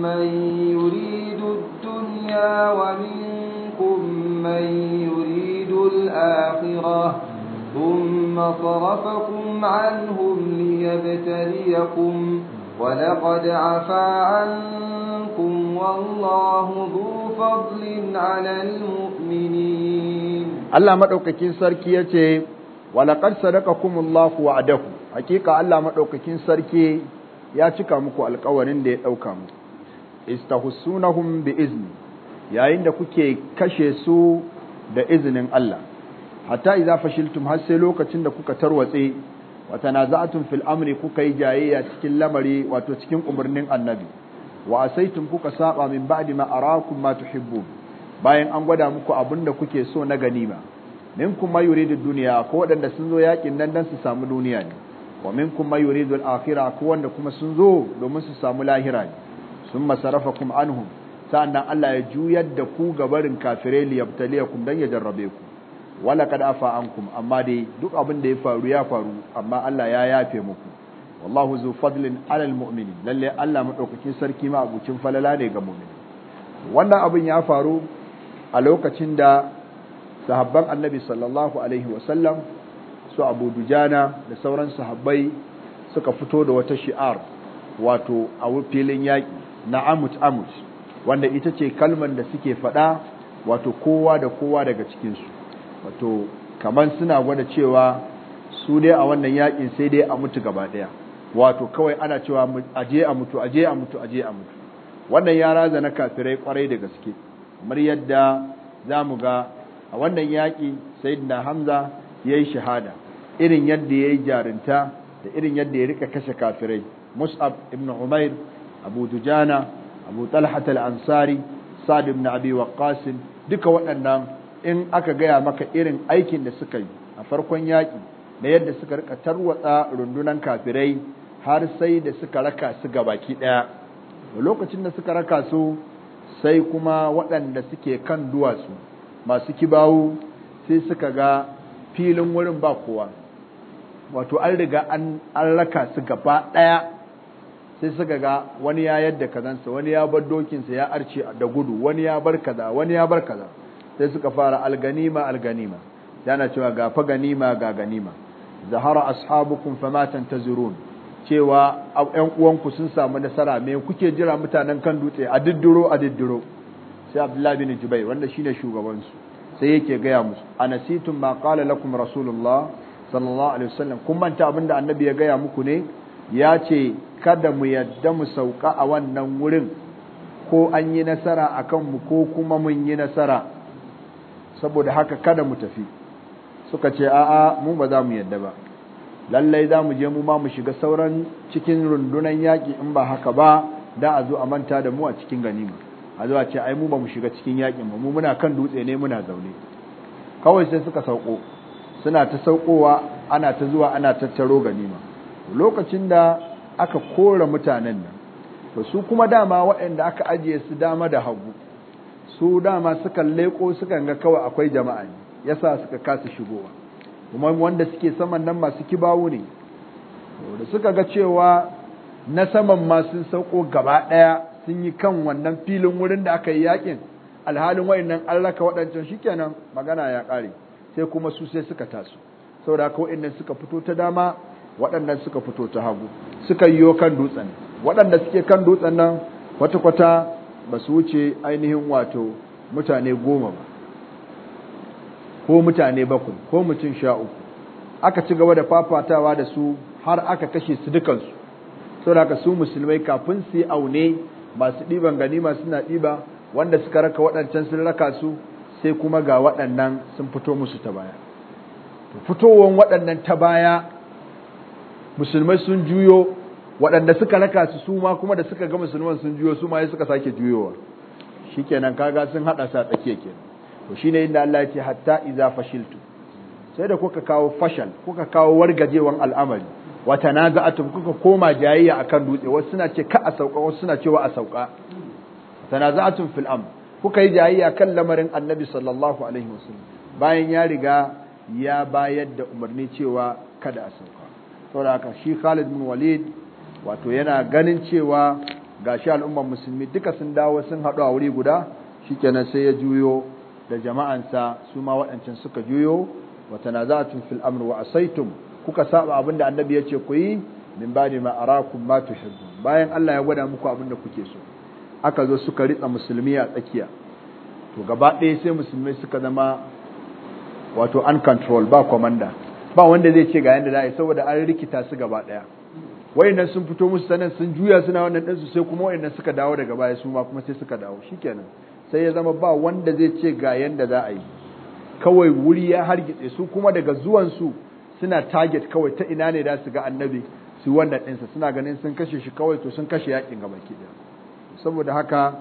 من يريد الدنيا ومنكم من يريد الآخرة ثم صرفكم عنهم ليبتليكم ولقد عفى عنكم والله ذو فضل على المؤمنين الله مدوكاكين سركي يتي ولقد صدقكم الله وعده حقيقة الله مدوكاكين سركي يا cika muku alkawarin da ya ɗauka muku istahussunahum bi izni yayin da kuke kashe su da izinin Allah hatta idza fashiltum har sai lokacin da kuka tarwatse wa tanaza'tum fil amri kuka yi jayayya cikin lamari wato cikin umarnin annabi wa asaitum kuka saba min ba'di ma arakum ma tuhibbu bayan an gwada muku abinda kuke so na ganima minkum ma yuridu dunya ko wadanda sun zo yakin nan dan su samu duniya ne wa minkum ma yuridu al-akhirah ko wanda kuma sun zo domin su samu lahira ne summa sarafakum anhum sa'annan Allah ya juyar da ku gabarin kafirai liyabtaliyakum dan ya jarrabe ku wala kada afa ankum amma dai duk abin da ya faru ya faru amma Allah ya yafe muku wallahu zu fadlin alal mu'mini lalle Allah madaukakin sarki ma abucin falala ne ga mu'mini wannan abin ya faru a lokacin da sahabban annabi sallallahu alaihi sallam su abu dujana da sauran sahabbai suka fito da wata shi'ar wato a filin yaƙi na amut amut wanda ita ce kalman da suke faɗa wato kowa da kowa daga cikinsu wato kamar suna gwada cewa su dai a wannan yakin sai dai a mutu gaba daya wato kawai ana cewa aje a mutu aje a mutu aje a mutu wannan ya raza na kafirai kwarai da gaske kamar yadda za mu ga a wannan yaƙi na hamza ya yi shahada irin yadda ya yi jarinta da irin yadda ya rika kashe kafirai mus'ab ibn umair abu dujana abu talhat al-ansari sa'd ibn abi waqqas duka waɗannan in aka gaya maka irin aikin da suka yi a farkon yaƙi da yadda suka rika tarwatsa rundunan kafirai har sai da suka raka su baki ɗaya lokacin da suka raka su sai kuma waɗanda suke kan duwatsu masu kibawu sai suka ga filin wurin ba kowa wato an riga an raka su gaba ɗaya sai suka ga wani ya yadda kazansa wani ya bar dokinsa ya arce da gudu wani ya bar kaza wani ya bar kaza sai suka fara alganima alganima yana cewa ga fa ganima ga ganima zahara ashabukum fama tantazirun cewa ƴan uwanku sun samu nasara me kuke jira mutanen kan dutse a diddiro a diddiro sai abdullahi bin Jubai wanda shine shugaban su sai yake gaya musu anasitum ma qala lakum rasulullah sallallahu alaihi wasallam kun manta abinda annabi ya gaya muku ne ya ce kada mu yadda mu sauka a wannan wurin ko an yi nasara akan mu ko kuma mun yi nasara saboda haka kada mu tafi suka ce a'a mu ba za mu yadda ba lallai za mu je mu ma mu shiga sauran cikin rundunan yaƙi in ba haka ba da a zo a manta da mu a cikin ganima a zo a ce ai mu ba mu shiga cikin yaƙin ba mu muna kan dutse ne muna zaune kawai sai suka sauko suna ta saukowa ana ta zuwa ana tattaro ganima lokacin da aka kora mutanen nan to su kuma dama waɗanda aka ajiye su dama da hagu su dama suka leko sukan ga kawai akwai jama'a ne yasa suka kasa shigowa kuma wanda suke saman nan masu kibawu ne da suka ga cewa na saman ma sun sauko gaba daya sun yi kan wannan filin wurin da aka yi yakin alhalin wayannan an raka waɗancan shikenan magana ya ƙare sai kuma su sai suka taso saboda haka wayannan suka fito ta dama waɗannan suka fito ta hagu suka yiwo kan dutsen waɗanda suke kan dutsen nan kwata-kwata ba su wuce ainihin wato mutane goma ba ko mutane bakun ko mutum sha uku aka ci gaba da fafatawa da su har aka kashe su dukansu saboda haka su musulmai kafin su yi aune masu ɗiban ganima suna ɗiba wanda suka raka waɗancan sun raka su sai kuma ga waɗannan sun fito musu ta baya fitowar waɗannan ta baya musulmai sun juyo waɗanda suka raka su su ma kuma da suka ga musulman sun juyo su ma suka sake juyowa shikenan kaga sun haɗa sa tsakiya kenan to ne inda Allah ya ce hatta iza fashiltu sai da kuka kawo fashal kuka kawo wargajewan al'amari wa tanaza'atum kuka koma jayayya akan dutse wasu suna ce ka a sauka wasu suna cewa a sauka tanaza'atum fil am kuka yi jayayya kan lamarin Annabi sallallahu alaihi wasallam bayan ya riga ya bayar da umarni cewa kada a sauka saboda haka shi Khalid bin Walid wato yana ganin cewa gashi al'ummar musulmi duka sun dawo sun haɗu a wuri guda shikenan sai ya juyo da jama'ansa su ma waɗancan suka juyo wata za a fil amr wa asaitum kuka saba abinda annabi ya ce ku yi min ba'di ma arakum ma tuhibbun bayan Allah ya gwada muku abin da kuke so aka zo suka ritsa musulmi a tsakiya to gaba ɗaya sai musulmai suka zama wato uncontrol ba kwamanda ba wanda zai ce ga yanda za a yi saboda an rikita su gaba ɗaya wayannan sun fito musu sanan sun juya suna wannan ɗinsu sai kuma wayannan suka dawo daga baya su ma kuma sai suka dawo shikenan sai ya zama ba wanda zai ce ga yanda za a yi kawai wuri ya hargitse su kuma daga zuwan su suna target kawai ta ina ne da su ga annabi su wannan ɗinsa suna ganin sun kashe shi kawai to sun kashe yakin gaba da saboda haka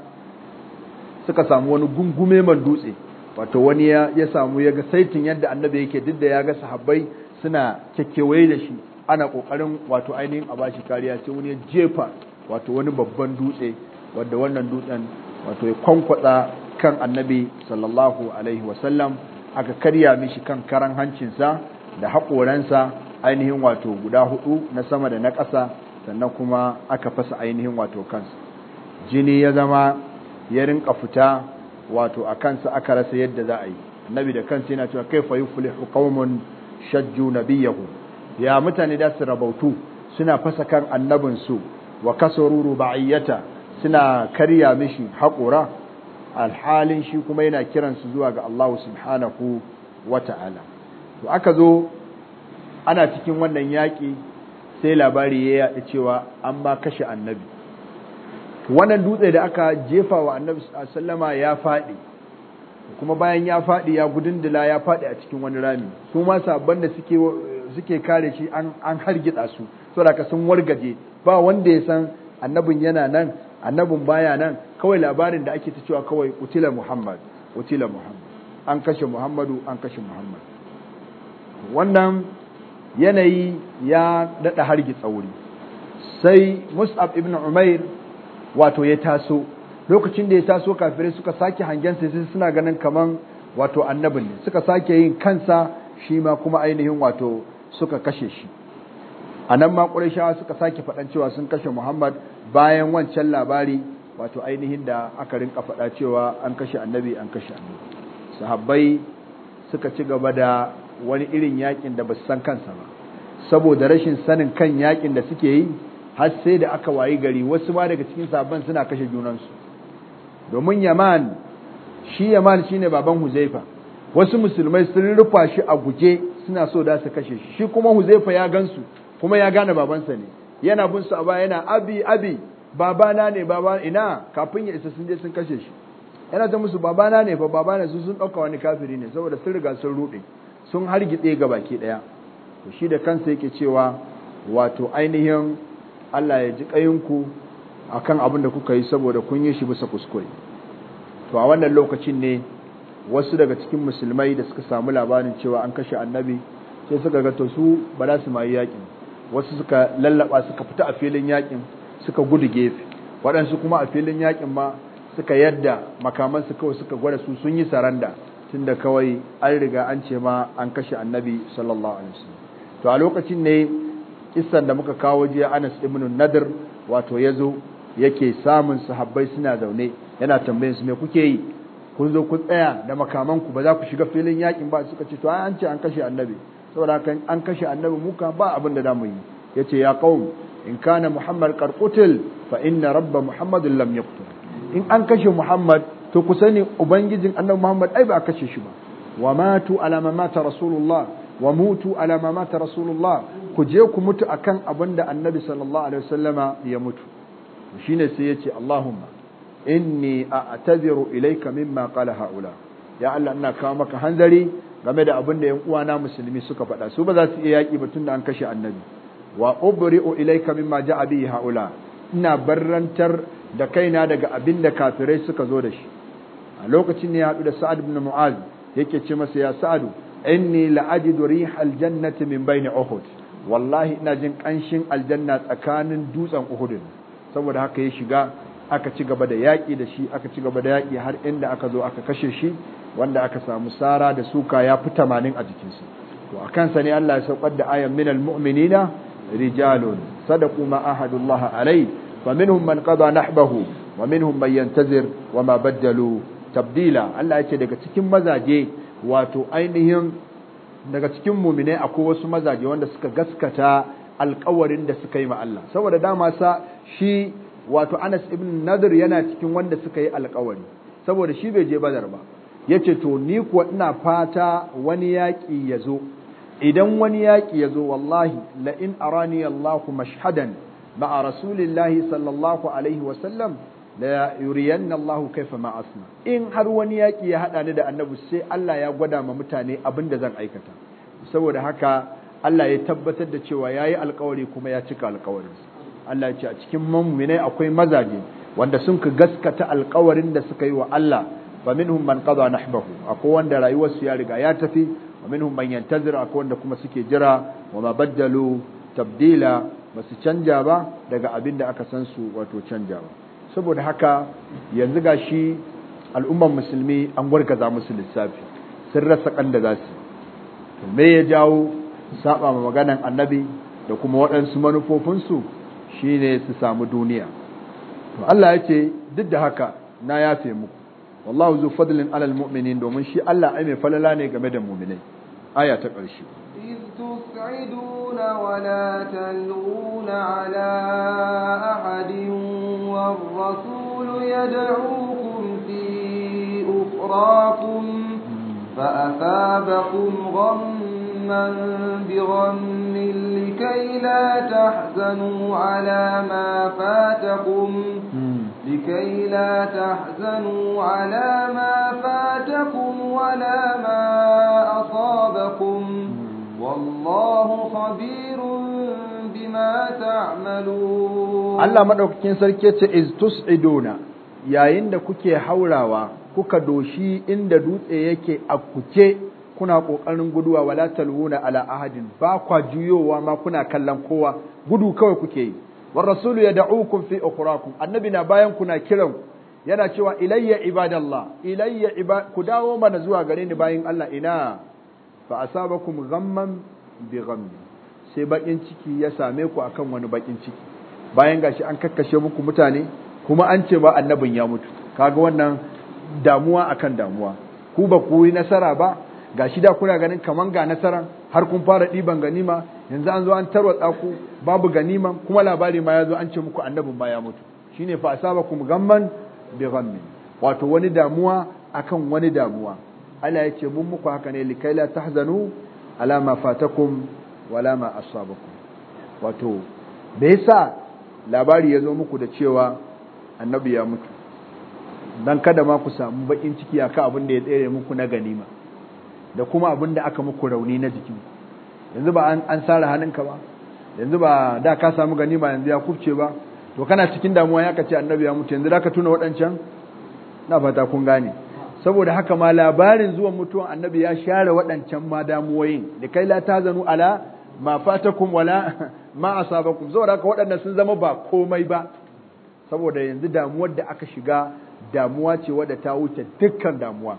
suka samu wani gungume man dutse wato wani ya samu ya ga saitin yadda annabi yake duk da ya ga sahabbai suna kyakkyawaye da shi ana kokarin wato ainihin a bashi kariya sai wani jefa wato wani babban dutse wanda wannan dutsen wato ya kwankwatsa kan annabi sallallahu alaihi wasallam aka karya mishi kan karan hancinsa da haƙoransa ainihin wato guda hudu na sama da na ƙasa sannan kuma aka fasa ainihin wato kansa jini ya zama ya rinka fita wato a kansa aka rasa yadda za a yi annabi da kansa yana cewa fa yuflihu qaumun shajju nabiyahu ya mutane da su rabautu suna fasa kan annabinsu wa kasaru rubaiyata suna karya mishi haƙura alhalin shi kuma yana kiransu zuwa ga Allah subhanahu wa ta'ala to aka zo ana cikin wannan yaki sai labari ya yaɗa cewa an ma kashe annabi wannan dutse da aka jefa wa annabi sallama ya faɗi kuma bayan ya faɗi ya gudun dila ya faɗi a cikin wani rami su ma sabban da suke suke kare shi an hargitsa su saboda ka sun wargaje ba wanda ya san annabin yana nan annabin baya nan kawai labarin da ake ta cewa kawai utila muhammad utila muhammad an kashe muhammadu an kashe muhammad wannan yanayi ya daɗa hargitsa wuri sai mus'ab ibn umair wato ya taso lokacin da ya taso kafirai suka sake hangen sai suna ganin kaman wato annabin ne suka sake yin kansa shi ma kuma ainihin wato suka kashe shi a nan ma suka sake faɗan cewa sun kashe muhammad bayan wancan labari wato ainihin da aka rinka faɗa cewa an kashe annabi an kashe annabi sahabbai suka ci gaba da wani irin yakin da ba su san kansa ba saboda rashin sanin kan yakin da suke yi har sai da aka wayi gari wasu ma daga cikin sabon suna kashe junansu domin yaman shi yaman shine baban huzaifa wasu musulmai sun rufa shi a guje suna so da su kashe shi kuma huzaifa ya gansu kuma ya gane babansa ne yana bin su a baya yana abi abi babana ne baba ina kafin ya isa sun je sun kashe shi yana ta musu babana ne fa babana su sun dauka wani kafiri ne saboda sun riga sun rude sun hargitse ga baki daya to shi da kansa yake cewa wato ainihin Allah ya ji kayinku akan abin da kuka yi saboda kun yi shi bisa kuskure to a wannan lokacin ne wasu daga cikin musulmai da suka samu labarin cewa an kashe annabi sai suka ga to su ba za su mayi yakin wasu suka lallaba suka fita a filin yakin suka gudu gefe waɗansu kuma a filin yakin ma suka yadda makamansu kawai suka gwada su sun yi saranda tunda kawai an riga an ce ma an kashe annabi sallallahu alaihi wasallam to a lokacin ne kissan da muka kawo jiya Anas ibn Nadir wato yazo yake samun sahabbai suna zaune yana tambayin su me kuke yi kun zo ku tsaya da makamanku ba za ku shiga filin yakin ba suka ce to an ce an kashe annabi saboda haka an kashe annabi muka ba abin da zamu yi yace ya qaum in kana muhammad qad qutil fa inna rabba muhammadin lam yaqtul in an kashe muhammad to ku sani ubangijin annabi muhammad ai ba a kashe shi ba wa matu ala ma mata rasulullah wa mutu ala ma mata rasulullah ku je ku mutu akan abin da annabi sallallahu alaihi wasallama ya mutu shine sai yace allahumma inni a'taziru ilayka mimma qala haula ya Allah ina kawo maka hanzari game da abin da yan uwana musulmi suka faɗa su ba za su iya yaki ba da an kashe annabi wa ubri'u ilayka mimma ja'a bihi haula ina barrantar da kaina daga abin da kafirai suka zo da shi a lokacin ne ya haɗu da sa'ad ibn mu'az yake ce masa ya sa'adu inni la'ajidu rihal jannati min bayni uhud wallahi ina jin kanshin aljanna tsakanin dutsen uhud saboda haka ya shiga aka ci gaba da yaƙi da shi aka ci gaba da yaƙi har inda aka zo aka kashe shi wanda aka samu sara da suka ya fi tamanin a jikinsu to a kansa ne Allah ya saukar da ayan minal mu'minina rijalun sadaqu ma ahadullah alai fa minhum man qada nahbahu wa minhum man yantazir wa ma baddalu tabdila Allah ya ce daga cikin mazaje wato ainihin daga cikin mu'mine akwai wasu mazaje wanda suka gaskata alƙawarin da suka yi ma Allah saboda dama sa shi wato Anas ibn Nadir yana cikin wanda suka yi alƙawari saboda shi bai je Badar ba yace to ni kuwa ina fata wani yaƙi ya zo idan wani yaƙi ya zo wallahi la in arani Allahu mashhadan ma'a rasulillahi sallallahu alaihi wa sallam la yuriyanna Allahu kaifa ma asna in har wani yaƙi ya hada ni da annabi sai Allah ya gwada ma mutane abin da zan aikata saboda haka Allah ya tabbatar da cewa yayi alƙawari kuma ya cika alƙawarinsa Allah ce a cikin mu'minai akwai mazaje wanda sun ka gaskata alƙawarin da suka yi wa Allah fa minhum man qada nahbahu akwai wanda rayuwarsu ya riga ya tafi wa minhum man yantazir akwai wanda kuma suke jira wa ma baddalu tabdila ba su canja ba daga abin da aka san su wato canja ba saboda haka yanzu gashi al'umman musulmi an gwargaza musu lissafi sun rasa kan da za su me ya jawo saba ma maganan annabi da kuma waɗansu manufofinsu shi shine su samu duniya to Allah ya ce duk da haka na yafe muku wallahu zu fadlin alal mu'minin domin shi Allah ai mai falala ne game da mu'minai aya ta ƙarshe iz tus'iduna wa la taluna ala ahadin war rasul yad'ukum fi ukhrakum فأثابكم غما بغم لكي لا تحزنوا على ما فاتكم لكي لا تحزنوا على ما فاتكم ولا ما أصابكم والله خبير بما تعملون الله مدوكين سركيت إذ تسعدون يا da kuke haurawa kuka doshi inda dutse yake a kuna ƙoƙarin guduwa wala talwuna ala ahadin ba kwa juyowa ma kuna kallon kowa gudu kawai kuke yi wa rasulu kun fi ukhrakum annabi na bayan kuna kiran yana cewa ilayya ibadallah ilayya ku dawo mana zuwa gare ni bayan Allah ina fa asabakum ghamman bi ghammi sai bakin ciki ya same ku akan wani bakin ciki bayan gashi an kakkashe muku mutane kuma an ce ba annabin ya mutu kaga wannan damuwa akan damuwa ku ba ku yi nasara ba ga shi da kuna ganin kaman ga nasaran har kun fara ɗiban ganima yanzu an zo an tarwatsa ku babu ganima kuma labari ma ya zo an ce muku annabin ba ya mutu shine fa asabakum gamman bi ghammi wato wani damuwa akan wani damuwa Allah ya ce mun muku haka ne likai la tahzanu ala ma fatakum wala ma asabakum wato me yasa labari ya zo muku da cewa annabi ya mutu dan kada ma ku samu bakin ciki akan abin da ya tsere muku na ganima da kuma abin da aka muku rauni na jiki yanzu ba an sara hannunka ba yanzu ba da ka samu gani ba yanzu ya kufce ba to kana cikin damuwa ya kace annabi ya mutu yanzu da ka tuna waɗancan na fata kun gane saboda haka ma labarin zuwan mutuwan annabi ya share waɗancan ma damuwoyin da kai la tazanu ala ma fatakum wala ma asabakum saboda haka wadannan sun zama ba komai ba saboda yanzu damuwar da aka shiga damuwa ce wadda ta wuce dukkan damuwa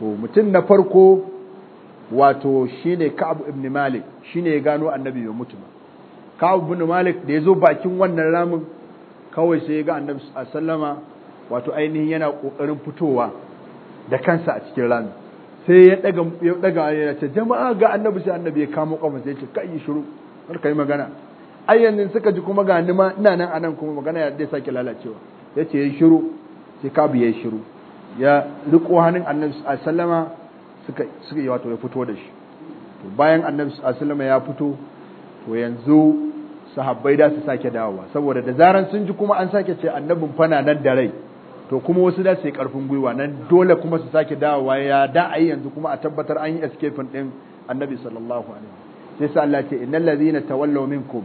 to mutum na farko wato shine ka'abu ibn Malik shine ya gano annabi ya mutu ka'abu ibn Malik da ya zo bakin wannan ramin kawai sai ya ga annabi sallama wato ainihin yana kokarin fitowa da kansa a cikin ramin sai ya daga ya daga ya ce jama'a ga annabi sai annabi ya kamo kafa sai ya ce kai shiru kar yi magana ai yanzu suka ji kuma ga ni ma ina nan anan kuma magana ya dai sake lalacewa ya ce ya yi shiru sai ya yayi shiru ya riko hannun annabi sallama suka suka yi wato ya fito da shi to bayan annabi sallama ya fito to yanzu sahabbai da su sake dawowa saboda da zaran sun ji kuma an sake ce annabin fana nan da rai to kuma wasu da su yi karfin gwiwa nan dole kuma su sake dawowa ya da ai yanzu kuma a tabbatar an yi escape din annabi sallallahu alaihi sai sai Allah ce innal ladhina tawallaw minkum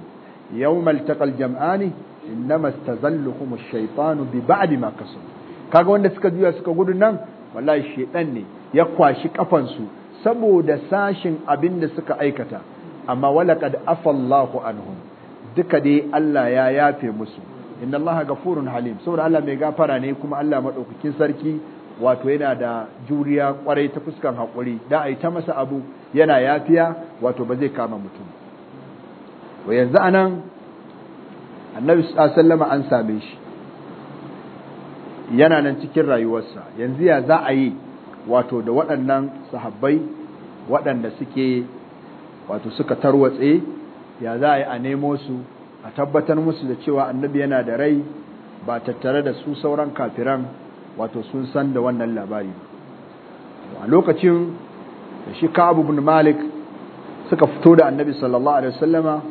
yawmal taqal jam'ani innama istazallukum ash-shaytanu bi ba'di ma kasabu kaga wanda suka juya suka gudu nan wallahi shedan ne ya kwashi kafansu saboda sashin abin da suka aikata amma walaqad afallahu anhum duka dai Allah ya yafe musu inna Allah gafurun halim saboda Allah mai gafara ne kuma Allah madaukakin sarki wato yana da juriya kwarai ta fuskan hakuri da ai ta masa abu yana yafiya wato ba zai kama mutum wa yanzu anan annabi sallallahu alaihi wasallam an same shi yana nan cikin rayuwarsa yanzu ya za a yi wato da waɗannan sahabbai waɗanda suke wato suka tarwatse ya za a yi a nemo su a tabbatar musu da cewa annabi yana da rai ba tattare da su sauran kafiran wato sun san da wannan labari a lokacin da shi abu bin malik suka fito da annabi sallallahu alaihi wasallama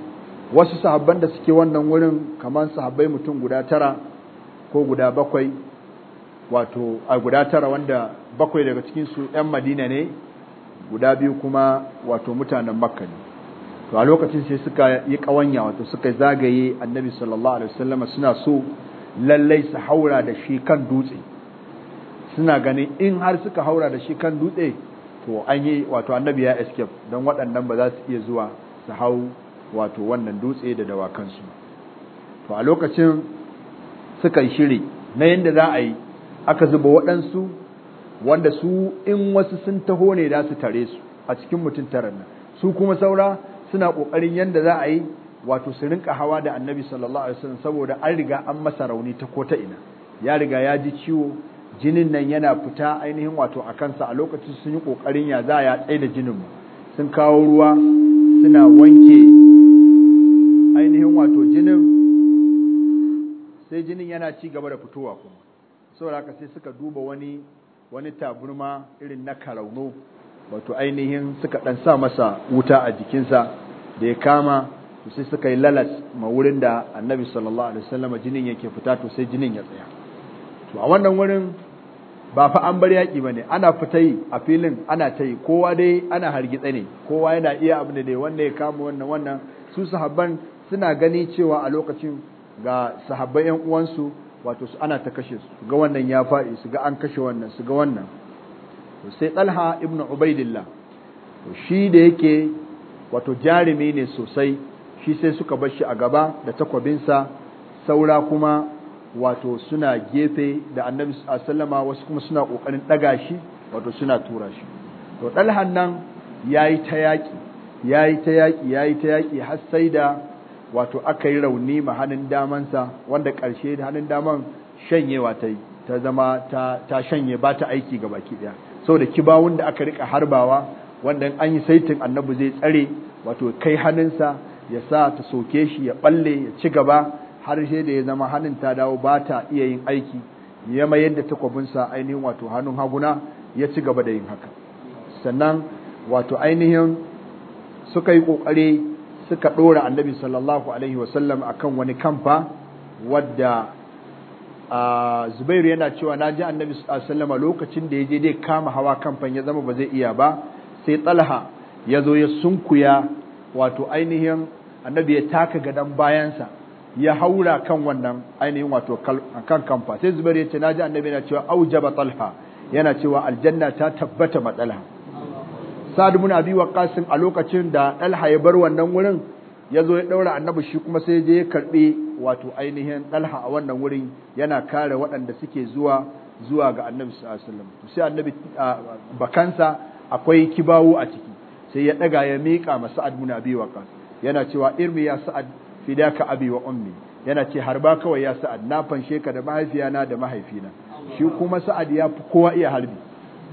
wasu sahabban da suke wannan wurin kamar sahabbai mutum guda tara ko guda bakwai wato a guda tara wanda bakwai daga cikinsu 'yan madina ne guda biyu kuma wato mutanen makka ne to a lokacin sai suka yi kawanya wato suka zagaye annabi sallallahu alaihi wasallam suna so lallai su haura da shi kan dutse suna ganin in har suka haura da shi kan dutse to an yi wato annabi ya escape don waɗannan ba za su iya zuwa su hau wato wannan dutse da dawakansu to a lokacin suka yi shiri na yadda za a yi aka zuba waɗansu wanda su in wasu sun taho ne da su tare su a cikin mutum taran nan su kuma saura suna ƙoƙarin yadda za a yi wato su rinka hawa da annabi sallallahu alaihi wasallam saboda an riga an masa rauni ta ko ta ina ya riga ya ji ciwo jinin nan yana fita ainihin wato a kansa a lokacin sun yi ƙoƙarin ya za a ya tsaye da jinin mu sun kawo ruwa suna wanke ainihin wato jinin sai jinin yana ci gaba da fitowa kuma saboda haka sai suka duba wani wani taburma irin na karauno wato ainihin suka dan sa masa wuta a jikinsa da ya kama to sai suka yi lalas ma wurin da annabi sallallahu alaihi wasallam jinin yake fita to sai jinin ya tsaya to a wannan wurin ba fa an bar yaki ba ne ana fita yi a filin ana ta yi kowa dai ana hargitsa ne kowa yana iya abin da dai wanda ya kama wannan wannan su sahabban suna gani cewa a lokacin ga sahabban yan uwansu wato su ana ta kashe su ga wannan ya faɗi su ga an kashe wannan su ga wannan to sai Talha ibn Ubaidillah to shi da yake wato jarumi ne sosai shi sai suka bar shi a gaba da takwabinsa saura kuma wato suna gefe da annabi sallama wasu kuma suna kokarin daga shi wato suna tura shi to Talhan nan yayi ta yaki yayi ta yaki yayi ta yaki har sai da wato aka yi rauni ma hannun damansa wanda ƙarshe da hannun daman shanyewa ta yi ta zama ta shanye ba ta aiki ga baki ɗaya da kibawun da aka riƙa harbawa wanda an yi saitin annabu zai tsare wato kai hannunsa ya sa ta soke shi ya ɓalle ya ci gaba har sai da ya zama hannun ta dawo ba ta iya yin aiki ya mayar da takwabinsa ainihin wato hannun haguna ya ci gaba da yin haka sannan wato ainihin suka yi ƙoƙari suka ɗora annabi sallallahu alaihi wasallam akan wani kamfa wadda zubairu yana cewa na ji annabi sallama lokacin da ya je dai kama hawa kamfan ya zama ba zai iya ba sai talha ya zo ya sunkuya wato ainihin annabi ya taka gadon bayansa ya haura kan wannan ainihin wato kan kamfa sai zubairu ya ce na ji annabi yana cewa aujaba talha yana cewa aljanna ta tabbata matsala sa'ad ibn abi waqqas a lokacin da ɗalha ya bar wannan wurin ya zo ya daura annabi shi kuma sai je ya karbe wato ainihin dalha a wannan wurin yana kare waɗanda suke zuwa zuwa ga annabi sallallahu alaihi wasallam to sai annabi bakansa akwai kibawo a ciki sai ya daga ya mika masa sa'ad ibn abi waqqas yana cewa irmi ya sa'ad fidaka abi wa ummi yana ce harba kawai ya sa'ad na fanshe ka da mahaifiyana da mahaifina shi kuma sa'ad ya fi kowa iya harbi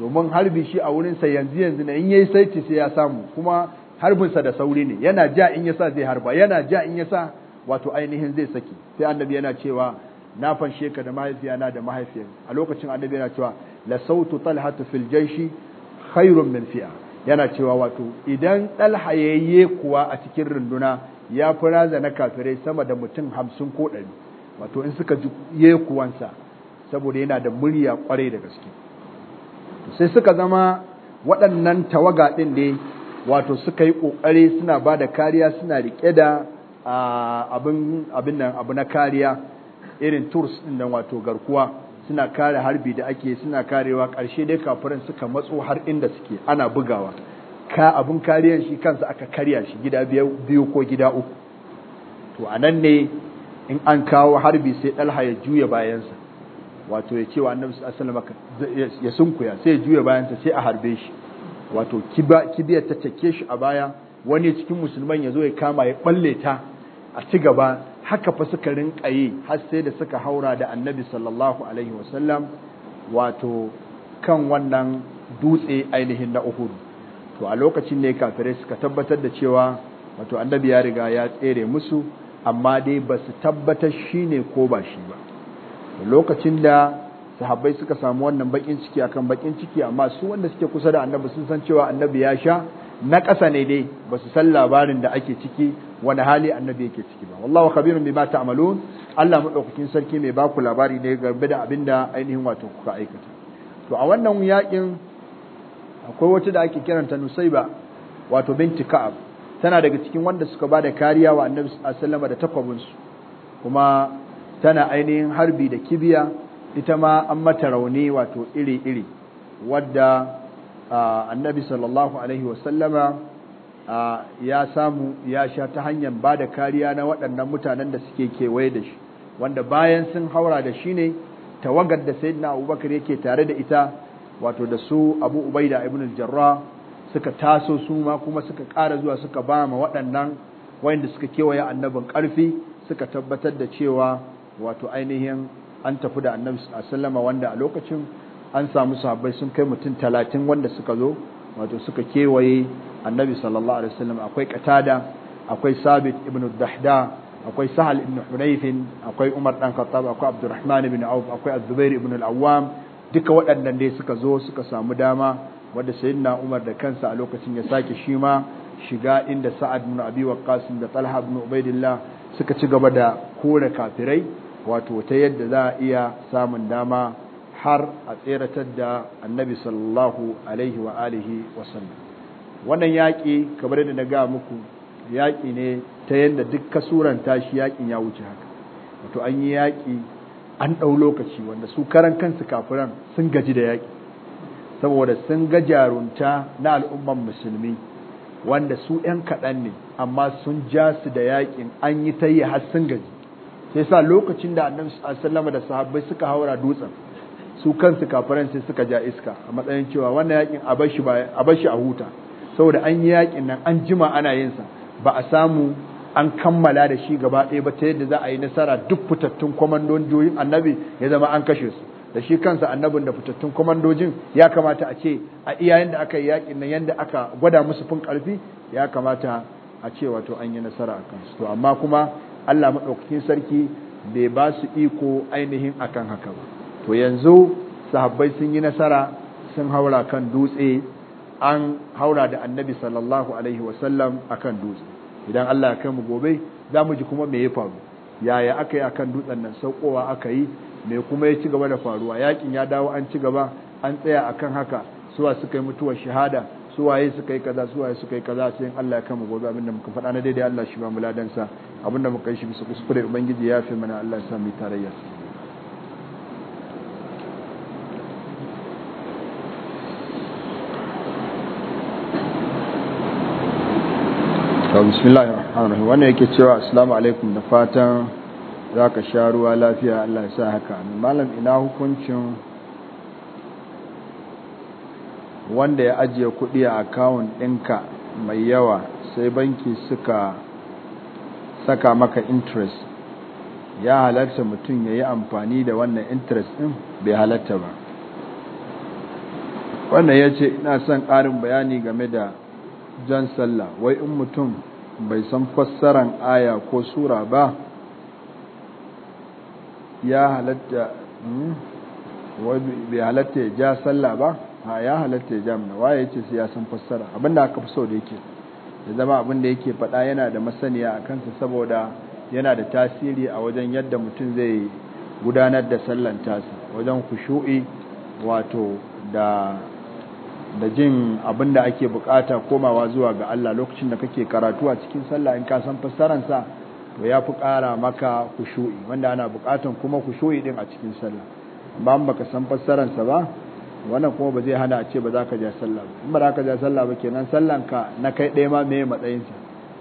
domin harbi shi a wurinsa yanzu yanzu na in yayi saiti sai ya samu kuma harbinsa da sauri ne yana ja in yasa zai harba yana ja in yasa wato ainihin zai saki sai annabi yana cewa na fanshe ka da mahaifiyana da mahaifiyar a lokacin annabi yana cewa la sautu talhatu fil jaishi khairun min fi'a yana cewa wato idan talha yayye kuwa a cikin runduna ya fi na kafirai sama da mutum hamsin ko ɗari wato in suka ji yekuwansa saboda yana da murya kwarai da gaske sai suka zama waɗannan tawaga ɗin ne wato suka yi ƙoƙari suna ba da kariya suna riƙe da abin nan abu na kariya irin turs ɗin nan wato garkuwa suna kare harbi da ake suna karewa ƙarshe dai kafirin suka matso har inda suke ana bugawa ka abin kariyar shi kansa aka karya shi gida biyu ko gida uku to anan ne in an kawo harbi sai ɗalha ya juya bayansa wato ya cewa annabi sallallahu alaihi wasallam ya sunkuya sai ya juya bayan ta sai a harbe shi wato kibiyar ta take shi a baya wani cikin musulman ya zo ya kama ya balle ta a ci gaba haka fa suka rinka yi har sai da suka haura da annabi sallallahu alaihi wasallam wato kan wannan dutse ainihin na Uhud to a lokacin ne kafirai suka tabbatar da cewa wato annabi ya riga ya tsere musu amma dai ba su tabbatar shine ko ba shi ba lokacin da sahabbai suka samu wannan bakin ciki akan bakin ciki amma su wanda suke kusa da annabi sun san cewa annabi ya sha na ƙasa ne dai ba su san labarin da ake ciki wani hali annabi yake ciki ba wallahu khabirun bima ta'malun Allah madaukakin sarki mai baku labari ne game da abin da ainihin wato kuka aikata to a wannan yakin akwai wata da ake kiranta Nusaiba wato binti Ka'ab tana daga cikin wanda suka ba da kariya wa annabi sallallahu alaihi wasallam da takwabinsu kuma tana ainihin harbi da kibiya ita ma an mata rauni wato iri-iri wadda annabi sallallahu alaihi wasallama ya samu ya sha ta hanyar ba da kariya na waɗannan mutanen da suke kewaye da shi wanda bayan sun haura da shi ne tawagar da sayyidina abubakar yake tare da ita wato da su abu ubaida ibn jarra suka taso su ma kuma suka ƙara zuwa suka ba ma waɗannan wayanda suka kewaye annabin ƙarfi suka tabbatar da cewa wato ainihin an tafi da annabi sallama wanda a lokacin an samu sahabbai sun kai mutum talatin wanda suka zo wato suka kewaye annabi sallallahu alaihi wasallam akwai qatada akwai sabit ibn dahda akwai sahal ibn hunayf akwai umar dan khattab akwai abdurrahman ibn auf akwai az-zubair ibn al-awwam duka waɗannan dai suka zo suka samu dama wanda sayyidina umar da kansa a lokacin ya sake shi ma shiga inda sa'ad ibn abi waqqas da talha ibn ubaidillah suka ci gaba da kore kafirai wato ta yadda za a iya samun dama har a tseratar da annabi sallallahu alaihi wa alihi wasallam wannan yaƙi kamar da na ga muku yaƙi ne ta yadda duk kasuran tashi yaƙin ya wuce haka wato an yi yaƙi an ɗau lokaci wanda su karan kansu kafiran sun gaji da yaƙi saboda sun ga jarunta na al'umman musulmi wanda su ‘yan kaɗan ne amma sun ja su da yaƙin an yi ta yi har sun gaji sai sa lokacin da annabi sallama da sahabbai suka haura dutsen su kansu kafiran sai suka ja iska a matsayin cewa wannan yakin a bashi a huta saboda an yi yakin nan an jima ana yin sa ba a samu an kammala da shi gaba ɗaya ba ta yadda za a yi nasara duk fitattun kwamandojin annabi ya zama an kashe su da shi kansa annabin da fitattun kwamandojin ya kamata a ce a iya yadda aka yi yakin nan yadda aka gwada musu fin karfi ya kamata a ce wato an yi nasara a kansu to amma kuma Allah maɗaukakin sarki bai ba su iko ainihin akan haka ba to yanzu sahabbai sun yi nasara sun haura kan dutse an haura da annabi sallallahu alaihi wasallam akan dutse idan Allah ya kai mu gobe za mu ji kuma me ya faru yaya aka yi akan dutsen nan saukowa aka yi me kuma ya ci gaba da faruwa yakin ya dawo an ci gaba an tsaya akan haka suwa suka yi mutuwar shahada su waye suka yi kaza su waye suka yi kaza sai in Allah ya kama gobe abinda muka faɗa na daidai Allah shi ba mu ladan sa abinda muka yi shi bisa kuskure ubangiji ya fi mana Allah ya sa mu tarayya bismillahir rahmanir rahim wannan yake cewa assalamu alaikum da fatan zaka sha ruwa lafiya Allah ya sa haka malam ina hukuncin wanda ya ajiye kuɗi a akawun ɗinka mai yawa sai banki suka saka maka interest ya halarta mutum ya yi amfani da wannan interest ɗin bai halatta ba wannan ya ce ina son ƙarin bayani game da jan sallah wai in mutum bai san fassaran aya ko sura ba ya halarta hmm? bai halatta ya ja sallah ba ha ya halatta ya jami'a waye ce sai ya san fassara abinda aka fi so da yake ya zama abinda yake faɗa yana da masaniya a kansa saboda yana da tasiri a wajen yadda mutum zai gudanar da sallan tasi wajen kushu'i wato da da jin da ake bukata komawa zuwa ga Allah lokacin da kake karatu a cikin sallah in ka san fassaran sa to ya fi kara maka kushu'i wanda ana bukatan kuma kushu'i din a cikin sallah ba baka san fassaran sa ba wannan kuma ba zai hana a ce ba za ka ja sallah ba in ba za ka ja sallah ba kenan sallan ka na kai ɗaya ma me matsayin sa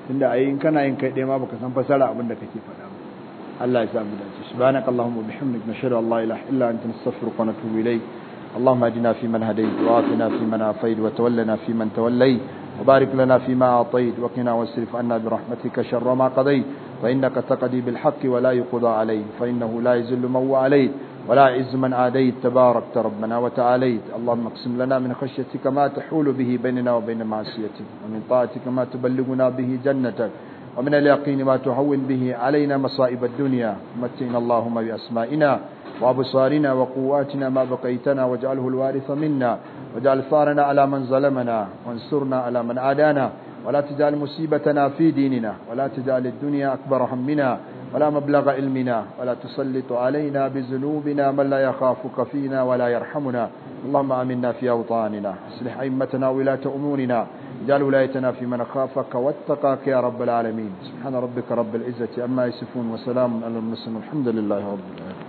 tunda ai in kana yin kai ɗaya ma baka san fasara abin da kake faɗa ba Allah ya sa mu dace subhanakallahumma bihamdika nashhadu an la ilaha illa anta nastaghfiruka wa natubu ilayk اللهم اهدنا فيمن هديت وعافنا فيمن عافيت وتولنا فيمن توليت وبارك لنا فيما أعطيت وقنا واصرف عنا برحمتك شر ما قضيت فإنك تقضي بالحق ولا يقضى عليه فإنه لا يزل من عليه ولا عز من آديت تبارك ربنا وتعاليت اللهم اقسم لنا من خشيتك ما تحول به بيننا وبين معصيتك ومن طاعتك ما تبلغنا به جنتك ومن اليقين ما تهون به علينا مصائب الدنيا متئنا اللهم بأسمائنا وأبصارنا وقواتنا ما بقيتنا واجعله الوارث منا واجعل ثارنا على من ظلمنا وانصرنا على من عادانا ولا تجعل مصيبتنا في ديننا ولا تجعل الدنيا أكبر همنا ولا مبلغ علمنا ولا تسلط علينا بذنوبنا من لا يخافك فينا ولا يرحمنا اللهم امنا في اوطاننا اصلح ائمتنا ولاة امورنا اجعل ولايتنا في من خافك واتقاك يا رب العالمين سبحان ربك رب العزه عما يصفون وسلام على المسلمين الحمد لله رب العالمين